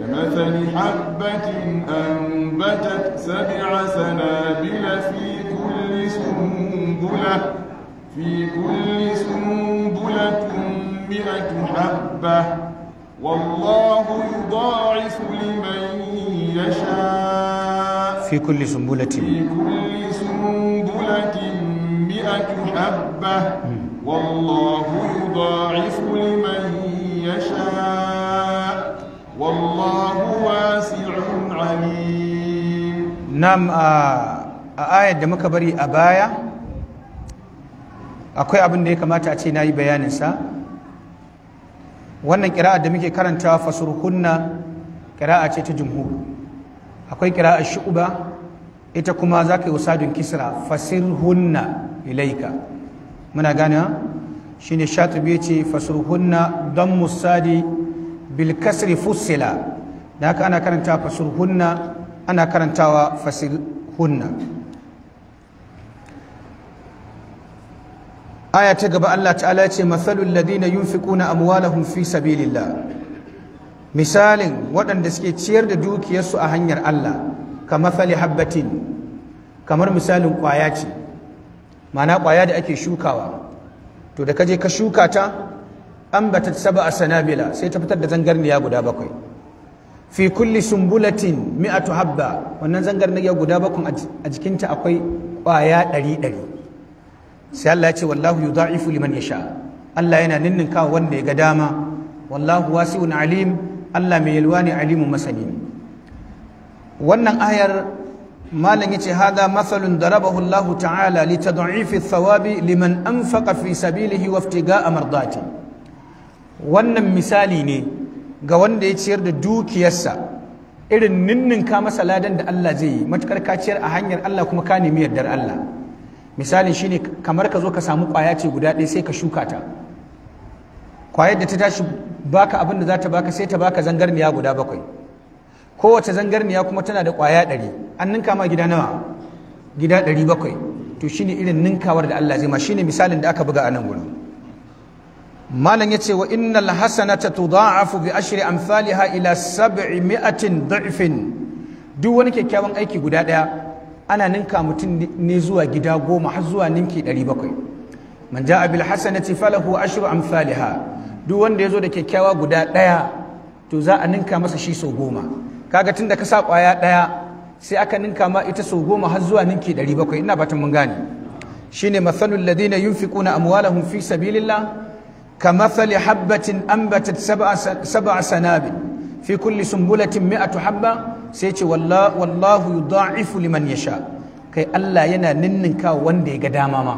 كمثل حبة أنبتت سبع سنابل في كل سنبلة في كل سنبلة مئة حبة والله يضاعف لمن يشاء في كل سنبلة في كل سنبلة مئة حبة والله يضاعف لمن يشاء والله واسع عليم نعم آية دمك بري أبايا akwai abin da ya kamata a ce na yi bayaninsa wannan kira'a da muke karanta kunna kira'a ce ta jumhur akwai kira'a shu'uba ita kuma za ka yi wasadun kisra fasirhunna ilaika muna gane shine shatibi yace fasurhunna don musadi bil kasri da haka ana karanta fasurhunna ana karantawa fasurhunna. aya ta gaba Allah ta'ala ya ce mathalul ladina yunfiquna amwalahum fi sabilillah misalin waɗanda suke ciyar da dukiyarsu a hanyar Allah ka mathali habbatin kamar misalin ƙwaya ce ma'ana ƙwaya da ake shukawa to da kaje ka shuka ta ambata sab'a sanabila sai ta fitar da zangarniya guda bakwai fi kulli sumbulatin mi'atu habba wannan zangarniya guda bakwai a jikinta akwai kwaya ɗari ɗari sai Allah ya ce wallahu yudha'ifu liman yasha Allah yana ninninka wanda ya ga dama wallahu wasi'un alim Allah mai yalwa ne alimun masani wannan ayar malam yace hada da raba Allah ta'ala li tad'ifi thawabi liman anfaqa fi sabilihi wa a mardati wannan misali ne ga wanda ya ciyar da dukiyarsa irin ninnin ka masa ladan da Allah zai yi matukar kaciyar a hanyar Allah kuma ka nemi yardar Allah misalin shine kamar ka zo ka samu kwaya ce guda ɗaya sai ka shuka ta kwayar da ta tashi baka abin da za ta baka sai ta baka zangarniya guda bakwai kowace zangarniya kuma tana da ƙwaya ɗari an ninka ma gida nawa gida ɗari bakwai to shine irin ninkawar da Allah zai ma shine misalin da aka buga a nan gurin malam ce wa innal hasanata tudha'afu bi ashri ha ila mi'atin daifin? duk wani kyakkyawan aiki guda ɗaya? ana ninka mutum ne zuwa gida goma har zuwa ninki bakwai. man ja'a bil hasanati falahu ashru ha", duk wanda ya zo da kyakkyawa guda ɗaya? to za a ninka masa shi sau goma kaga tun da ka sa ƙwaya ɗaya sai aka ninka ma ita sau goma har zuwa ninki ɗari bakwai ina batun mun gane shi ne mathalul ladina yunfiquna amwalahum fi sabilillah ka mathali habbatin ambatat sab'a sanabil fi kulli sumbulatin a habba sai ce wallahu yudha'ifu liman sha. kai Allah yana ninninka wanda ya ga dama ma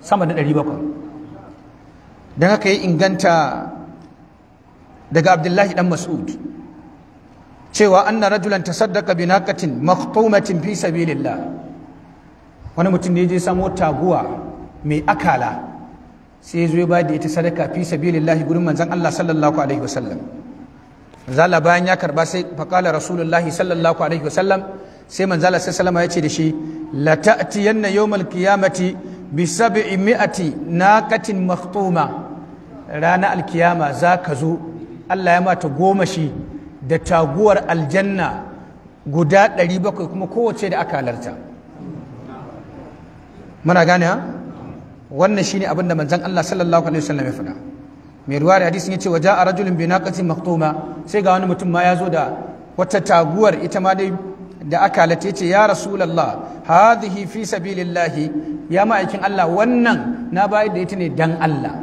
sama da ɗari bakwai dan haka inganta daga abdullahi dan mas'ud cewa anna rajulan tasaddaqa bi naqatin maqtumatin fi sabilillah wani mutum ne je samo taguwa mai akala sai ya zo ya bada ita sadaka fi sabilillah gurin manzon Allah sallallahu alaihi wasallam zala bayan ya karba sai faqala rasulullahi sallallahu alaihi wasallam sai manzala sai salama ya ce da shi la ta'tiyanna yawmal qiyamati bi sab'i mi'ati naqatin maqtuma rana alkiyama za ka zo Allah ya mata goma shi da taguwar aljanna guda 700 kuma kowace da aka halarta muna gane wannan shine abin da manzon Allah sallallahu alaihi wasallam ya faɗa mai ruwa da hadisin yace waja a rajulun bi naqatin maqtuma sai ga wani mutum ma ya zo da wata taguwar ita ma dai da aka halarta yace ya rasulullah hadhihi fi sabilillahi ya ma'aikin Allah wannan na bayar da ita ne dan Allah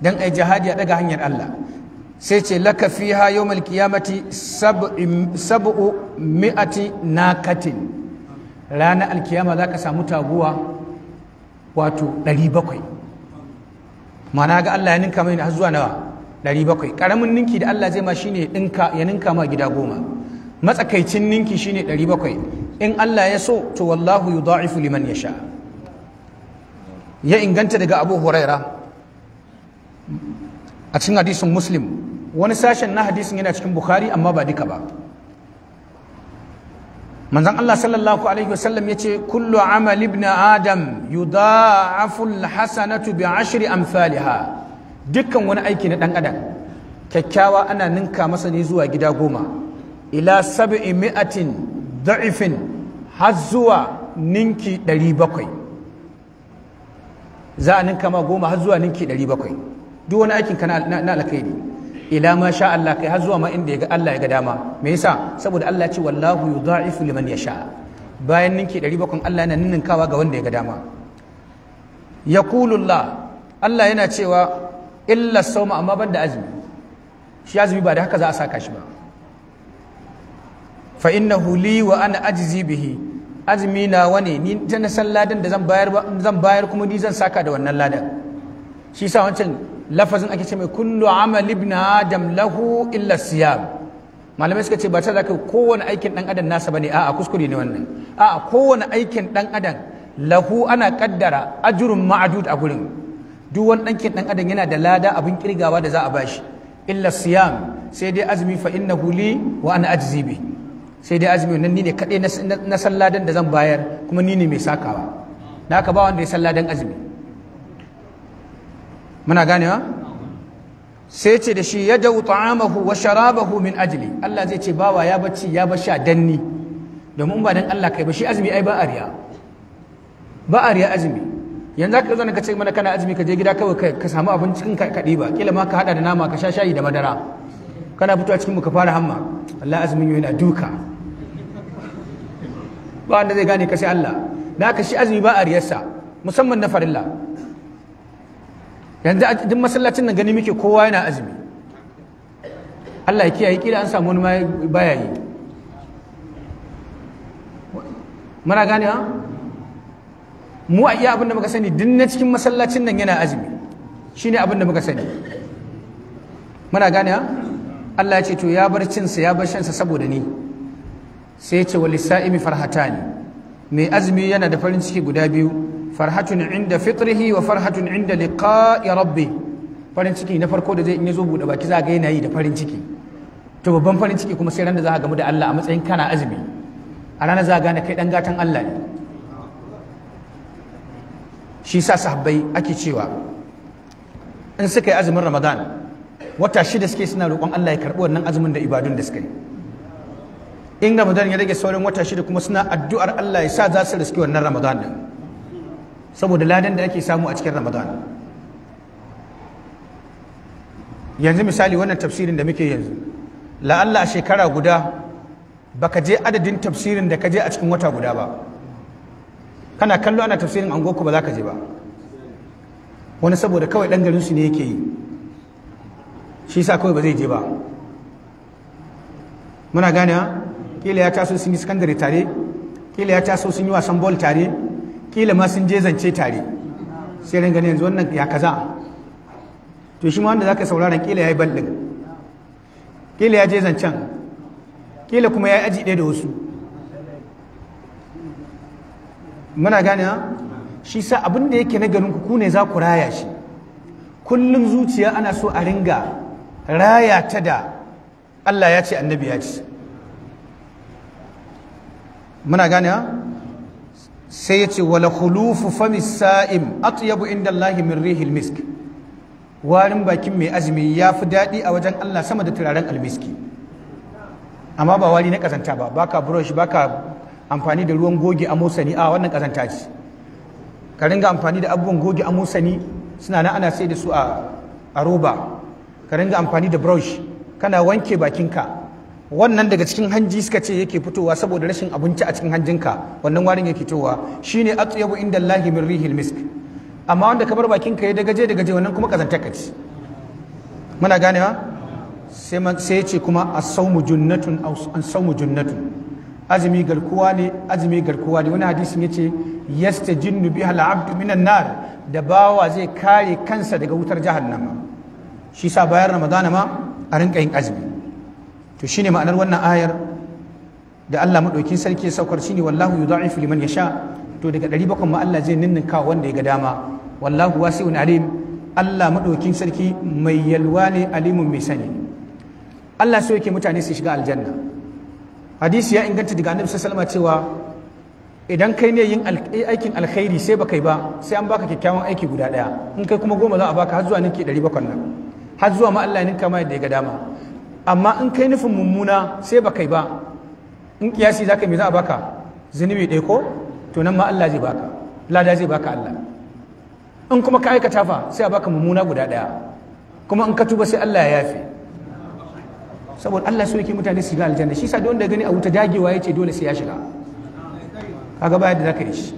dan ai jihadi ya daga hanyar Allah sai ce laka mulki ya mati sab'u mi'ati katin ranar alkiyama za ka samu taguwa wato 700 mana ga Allah ya ninka mai har zuwa nawa 700 karamin ninki da Allah zai ma shine dinka ya ninka ma gida goma matsakaicin ninki shine 700 in Allah ya so to wallahu yudha'ifu liman yasha ya inganta daga Abu Huraira a cikin hadisin Muslim wani sashen na hadisin yana cikin bukhari amma ba duka ba manzan Allah sallallahu alaihi wasallam ce kullu amali ibn adam yudha'afu alhasanatu bi ashri amsalha dukkan wani aiki na dan adam kyakkyawa ana ninka masa ne zuwa gida goma ila sab'i mi'atin da'ifin har zuwa ninki 700 za a ninka ma goma har zuwa ninki ɗari bakwai duk wani aikin ka na alkhairi ila ma sha Allah kai har zuwa ma inda yaga Allah ya ga dama me yasa saboda Allah ya ce wallahu yudha'ifu liman yasha bayan ninki 700 Allah yana ninninkawa ga wanda ya ga dama yaqulu Allah Allah yana cewa illa sawma amma banda azumi shi azumi ba da haka za a saka shi ba fa innahu li wa ana ajzi bihi azumi na wani ni ta na san ladan da zan bayar zan bayar kuma ni zan saka da wannan ladan shi sa wancan lafazin ake ce mai kullu amal ibn adam lahu illa siyam malamai suka ce ba ta zaka kowane aikin dan adam nasa bane a'a kuskure ne wannan a'a kowane aikin dan adam lahu ana kaddara ajrun ma'dud a gurin duk wani aikin dan adam yana da lada abin kirgawa da za a bashi illa siyam sai dai azumi fa innahu li wa ana ajzi bi sai dai azumi nan ni ne kadai na salladan da zan bayar kuma ni ne mai sakawa naka ba wanda ya salladan azumi muna ganewa sai ce da shi ya da'u ta'amahu wa sharabahu min ajli Allah zai ce bawa ya bacci ya bar sha danni domin ba dan Allah kai ba shi azumi ai ba ariya ba ariya azumi yanzu ka zo ka ce mana kana azumi ka je gida kawai ka samu abincin ka ka ɗiba kila ma ka hada da nama ka sha shayi da madara kana fito a cikin mu ka fara hamma Allah azumin yana duka ba wanda zai gane ka sai Allah na ka shi azumi ba ariyarsa musamman na farilla yanzu a duk masallacin nan gani muke kowa yana azumi Allah ya kiyaye kila an samu wani ma baya yi muna gane ha mu a iya abin da muka sani duk na cikin masallacin nan yana azumi shine abin da muka sani muna gane ha Allah ya ce to ya bar cinsa ya bar shansa saboda ni sai ya ce walisa'imi farhatani mai azumi yana da farin ciki guda biyu farhatun inda fitrihi wa farhatun inda liqa'i rabbi farin ciki na farko da zai in yazo bude baki za ga yana yi da farin ciki to babban farin ciki kuma sai ran da za ka gamu da Allah a matsayin kana azumi a ranar za ka gane kai dan gatan Allah ne shi sa sahabbai ake cewa in suka yi azumin Ramadan wata shida suke suna roƙon Allah ya karɓi wannan azumin da ibadun da suka yi in Ramadan ya rage sauran wata shida kuma suna addu'ar Allah ya sa za su riski wannan Ramadan din saboda ladan da ake samu a cikin ramadan yanzu misali wannan tafsirin da muke yanzu la'alla a shekara guda baka je adadin tafsirin da ka je a cikin wata guda ba kana kallo ana tafsirin an ba za ka je ba wani saboda kawai ɗan su ne yake yi shi sa kawai ba zai je ba muna gane kila ya taso sun yi sakandare tare kila ya taso sun yi wasan bol tare kila ma sun je zance tare sai ran gani yanzu wannan ya kaza to shi ma wanda zaka sauraron kila yayi ballin kila ya je zancen kila kuma yayi aji ɗaya da wasu muna gane ha shi sa abin da yake na ganin ku ne za ku raya shi kullum zuciya ana so a ringa raya ta da Allah ya ce annabi ya ce muna gane ha sai ya ce wala khulufu fami sa'im atyabu inda Allah min rihil misk warin bakin mai azumi ya fi daɗi a wajen Allah sama da turaren almiski amma ba wari na kazanta ba baka brush baka amfani da ruwan goge a musani a wannan kazanta ce ka ringa amfani da abubuwan goge a musani suna nan ana sai da su a roba ka ringa amfani da brush kana wanke bakinka wannan daga cikin hanji suka ce yake fitowa saboda rashin abinci a cikin hanjinka wannan warin yake fitowa shine atyabu inda Allahi min rihil misk amma wanda ka bar bakin ka ya dagaje dagaje wannan kuma kazanta ka ci muna ganewa sai sai ya ce kuma as-sawmu junnatun aw as-sawmu junnatun azumi garkuwa ne azumi garkuwa ne wani hadisin yace yastajinnu biha al-abdu minan nar da bawa zai kare kansa daga wutar jahannama shi sa bayan ramadana ma a rinka yin azumi to shine ma'anar wannan ayar da Allah maɗaukin sarki ya saukar shine wallahu yudha'ifu liman yasha to daga 700 ma Allah zai ninninka wanda ya ga dama wallahu wasi'un alim Allah maɗaukin sarki mai yalwa ne alimun mai sani Allah so yake mutane su shiga aljanna hadisi ya inganta daga annabi sallallahu alaihi cewa idan kai ne yin aikin alkhairi sai baka yi ba sai an baka kyakkyawan aiki guda daya in kai kuma goma za a baka har zuwa ninki 700 nan har zuwa ma Allah ninka ma yadda ya ga dama amma in kai nufin mummuna sai ba kai ba in kiyasi za ka mai za a baka zunubi ɗaya ko to nan ma Allah zai baka lada zai baka Allah in kuma ka aikata fa sai a baka mummuna guda daya kuma in ka tuba sai Allah ya yafe saboda Allah so yake mutane su ga aljanna shi sa da gani a wuta dagewa yace dole sai ya shiga kaga baya da zaka yi shi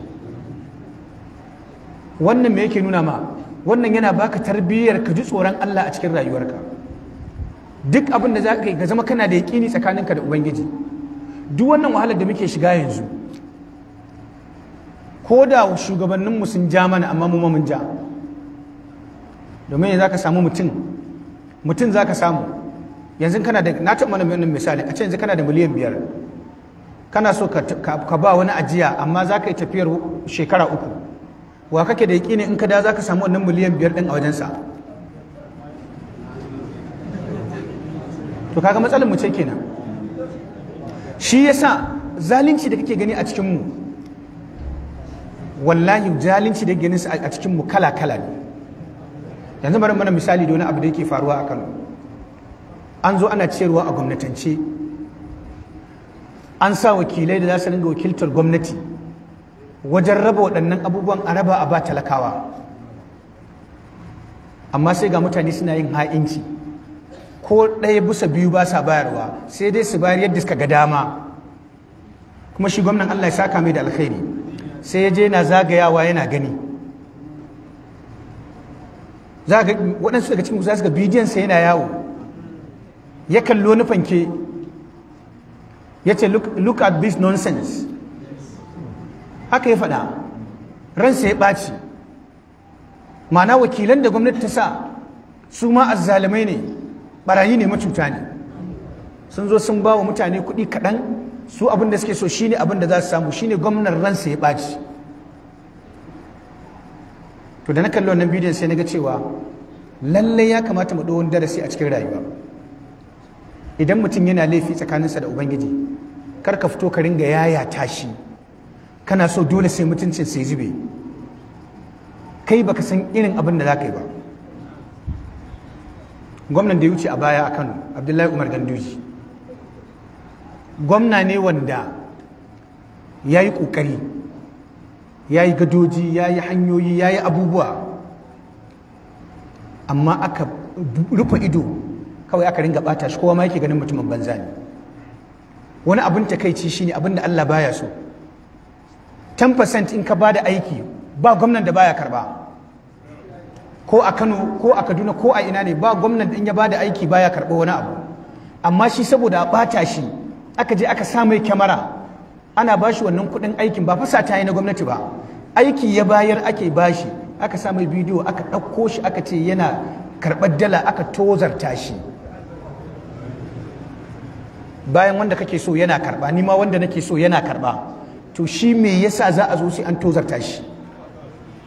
wannan me yake nuna ma wannan yana baka tarbiyyar ka ji tsoron Allah a cikin rayuwarka duk abin da za ka yi ka zama kana da yaƙini tsakaninka da ubangiji duk wannan wahalar da muke shiga yanzu ko da shugabanninmu sun ja mana amma mu mun ja domin yanzu za ka samu mutum mutum za ka samu yanzu kana da na taɓa mana wannan misali a ce yanzu kana da miliyan biyar kana so ka ba wani ajiya amma za ka yi tafiyar shekara uku wa kake da yaƙini in ka da za ka samu wannan miliyan biyar ɗin a wajensa to kaga matsalar mu ce kenan shi yasa zalunci da kake gani a cikin mu wallahi zalunci da gani a cikin mu kala kala ne yanzu bari mana misali da wani abu da yake faruwa a Kano an zo ana ciyarwa a gwamnatance an sa wakilai da za su ringa wakiltar gwamnati wajen raba waɗannan abubuwan a raba a ba talakawa amma sai ga mutane suna yin ha'inci ko ɗaya bisa biyu ba sa bayarwa sai dai su bayar yadda suka ga dama kuma shi gwamnan Allah ya saka mai da alkhairi sai ya je na zagayawa yana gani waɗansu daga cikin za su ga bidiyon sa yana yawo ya kallo ke ya ce look at this nonsense haka ya faɗa ransa ya ɓaci ma'ana wakilan da gwamnati ta sa su ma azzalamai ne barayi ne macuta ne sun zo sun ba wa mutane kuɗi kaɗan su abin da suke so shi ne abin da za su samu shi ne gwamnan ransa ya ɓaci to da na kalli wannan bidiyon sai na cewa lallai ya kamata mu ɗau darasi a cikin rayuwa idan mutum yana laifi tsakaninsa da ubangiji kar ka fito ka ringa yaya tashi kana so dole sai mutuncin sai zube kai baka san irin abin da za ka yi ba gwamnan da ya wuce a baya a kano abdullahi umar ganduji gwamna ne wanda ya yi ƙoƙari ya yi gadoji ya yi hanyoyi ya yi abubuwa amma aka rufe ido kawai aka ringa bata shi kowa ma yake ganin mutumin banza ne wani abin takaici shine abin da allah baya so 10% in ka ba da aiki ba gwamnan da baya karba ko a Kano ko a Kaduna ko a ina ne ba gwamnan in ya bada aiki baya karɓo wani abu amma shi saboda a ɓata shi aka je aka sa mai kyamara ana ba shi wannan kuɗin aikin ba fasa ta yi na gwamnati ba aiki ya bayar ake shi aka sa bidiyo aka ɗauko shi aka ce yana karɓar dala aka tozarta shi bayan wanda kake so yana karɓa ni ma wanda nake so yana karɓa to shi me yasa za a zo sai an tozarta shi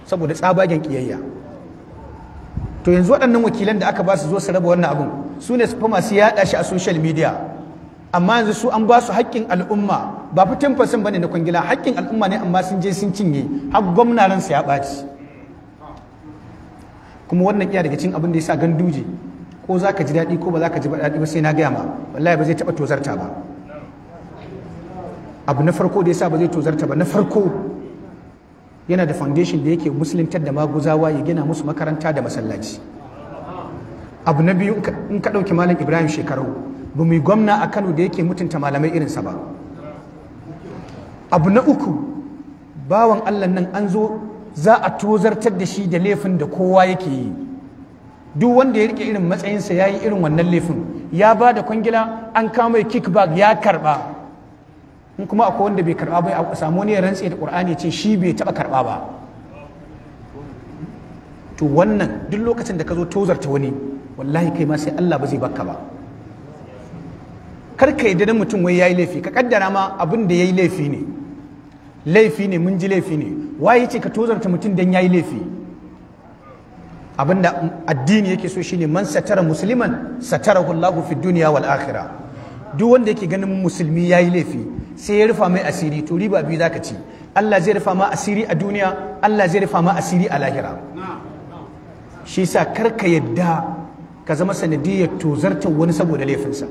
saboda tsabagen kiyayya. to yanzu waɗannan wakilan da aka ba su zo su raba wannan abin su ne su fa masu yaɗa shi a social media amma yanzu su an ba su haƙƙin al'umma ba fitin fasin ne na kwangila haƙƙin al'umma ne amma sun je sun cinye har gwamna ransa ya ɓaci kuma wannan iya daga cin abin da ya sa ganduje ko za ka ji daɗi ko ba za ka ji daɗi ba sai na gaya ma wallahi ba zai taɓa tozarta ba abu na farko da ya sa ba zai tozarta ba na farko yana da foundation da yake musuluntar da maguzawa ya gina musu makaranta da masallaci abu na biyu in ka ɗauki malam ibrahim shekaru ba mu yi gwamna a kano da yake mutunta malamai irinsa ba abu na uku bawan allah nan an zo za a tozartar da shi da laifin da kowa yake yi duk wanda ya rike irin matsayinsa ya yi irin wannan laifin ya ba da kwangila an kama kickback ya karba in kuma akwai wanda bai karba ba a samu ne ya rantse da qur'ani ce shi bai taba karba ba to wannan duk lokacin da ka zo tozarta wani wallahi kai ma sai Allah ba zai baka ba kar ka yadda mutum wai yayi laifi ka kaddara ma abin da yayi laifi ne laifi ne mun ji laifi ne waye ce ka tozarta mutum dan yayi laifi abinda addini yake so shine man satara musliman satarahu Allahu fid dunya wal akhirah duk wanda yake ganin musulmi ya yi laifi sai ya rufa mai asiri to riba biyu za ka ci Allah zai rufa ma asiri a duniya Allah zai rufa ma asiri a lahira shi sa kar ka yadda ka zama sanadiyar tozartar wani saboda laifinsa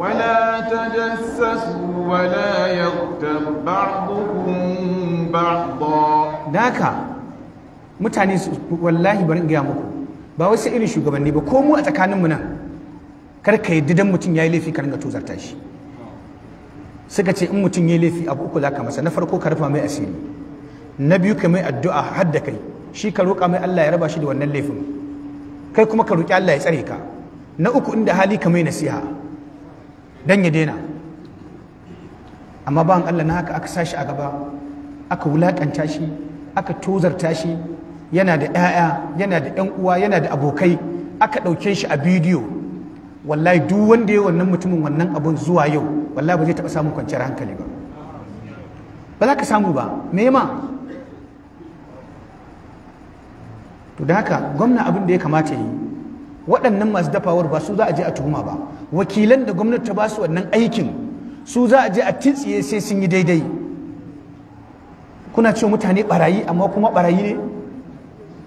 ولا تجسسوا ولا يغتب بعضكم بعضا داكا mutane wallahi bari gaya muku ba wasu irin shugabanni ba ko mu a tsakaninmu nan kar ka yi dan mutum ya yi laifi ka ringa tozarta shi suka ce in mutum ya yi laifi abu uku za ka masa na farko ka rufa mai asiri na biyu ka mai addu'a har da kai shi ka roƙa mai Allah ya raba shi da wannan laifin kai kuma ka roƙi Allah ya tsare ka na uku inda hali ka mai nasiha dan ya daina amma ba Allah na haka aka sashi a gaba aka wulakanta shi aka tozarta shi yana da 'ya'ya yana da 'yan uwa yana da abokai aka ɗauke shi a bidiyo wallahi duk wanda ya wannan mutumin wannan abun zuwa yau wallahi ba zai taɓa samun kwanciyar hankali ba ba za ka samu ba me ma to da haka gwamna abin da ya kamata yi waɗannan masu dafawar ba su za a je a tuhuma ba wakilan da gwamnati ta ba su wannan aikin su za a je a titsiye sai sun yi daidai kuna cewa mutane barayi amma kuma barayi ne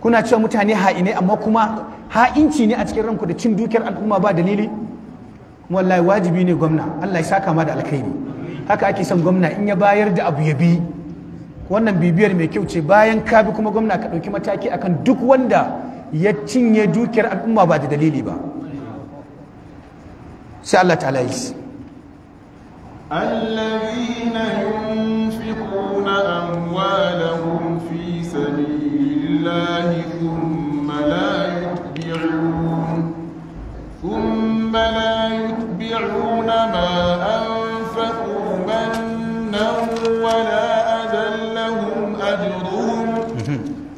kuna cewa mutane ha'ine amma kuma ha'inci ne a cikin ranku da cin dukiyar al'umma ba dalili wallahi wajibi ne gwamna Allah ya saka ma da alkhairi haka ake son gwamna in ya bayar da abu ya bi wannan bibiyar mai kyau ce bayan ka bi kuma gwamna ka ɗauki mataki akan duk wanda ya cinye dukiyar al'umma ba da dalili ba sai Allah ta'ala yi الذين ينفقون أموالهم في سبيل الله ثم لا ثم لا يتبعون ما أنفقوا منا ولا أذى لهم أجرهم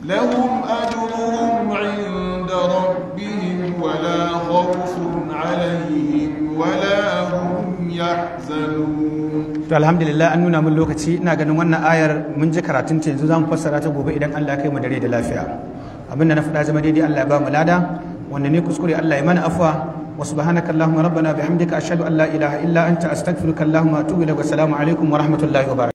لهم أجرهم عند ربهم ولا خوف عليهم ولا هم يحزنون to alhamdulillah an nuna mun lokaci ina ganin wannan ayar mun ji karatun ta yanzu zamu fassara ta gobe idan Allah ya kai mu dare da lafiya abinda na faɗa zama daidai Allah ya ba mu lada wanda ne kuskure Allah ya mana afwa وسبحانك اللهم ربنا بحمدك أشهد أن لا إله إلا أنت أستغفرك اللهم وأتوب إليك والسلام عليكم ورحمة الله وبركاته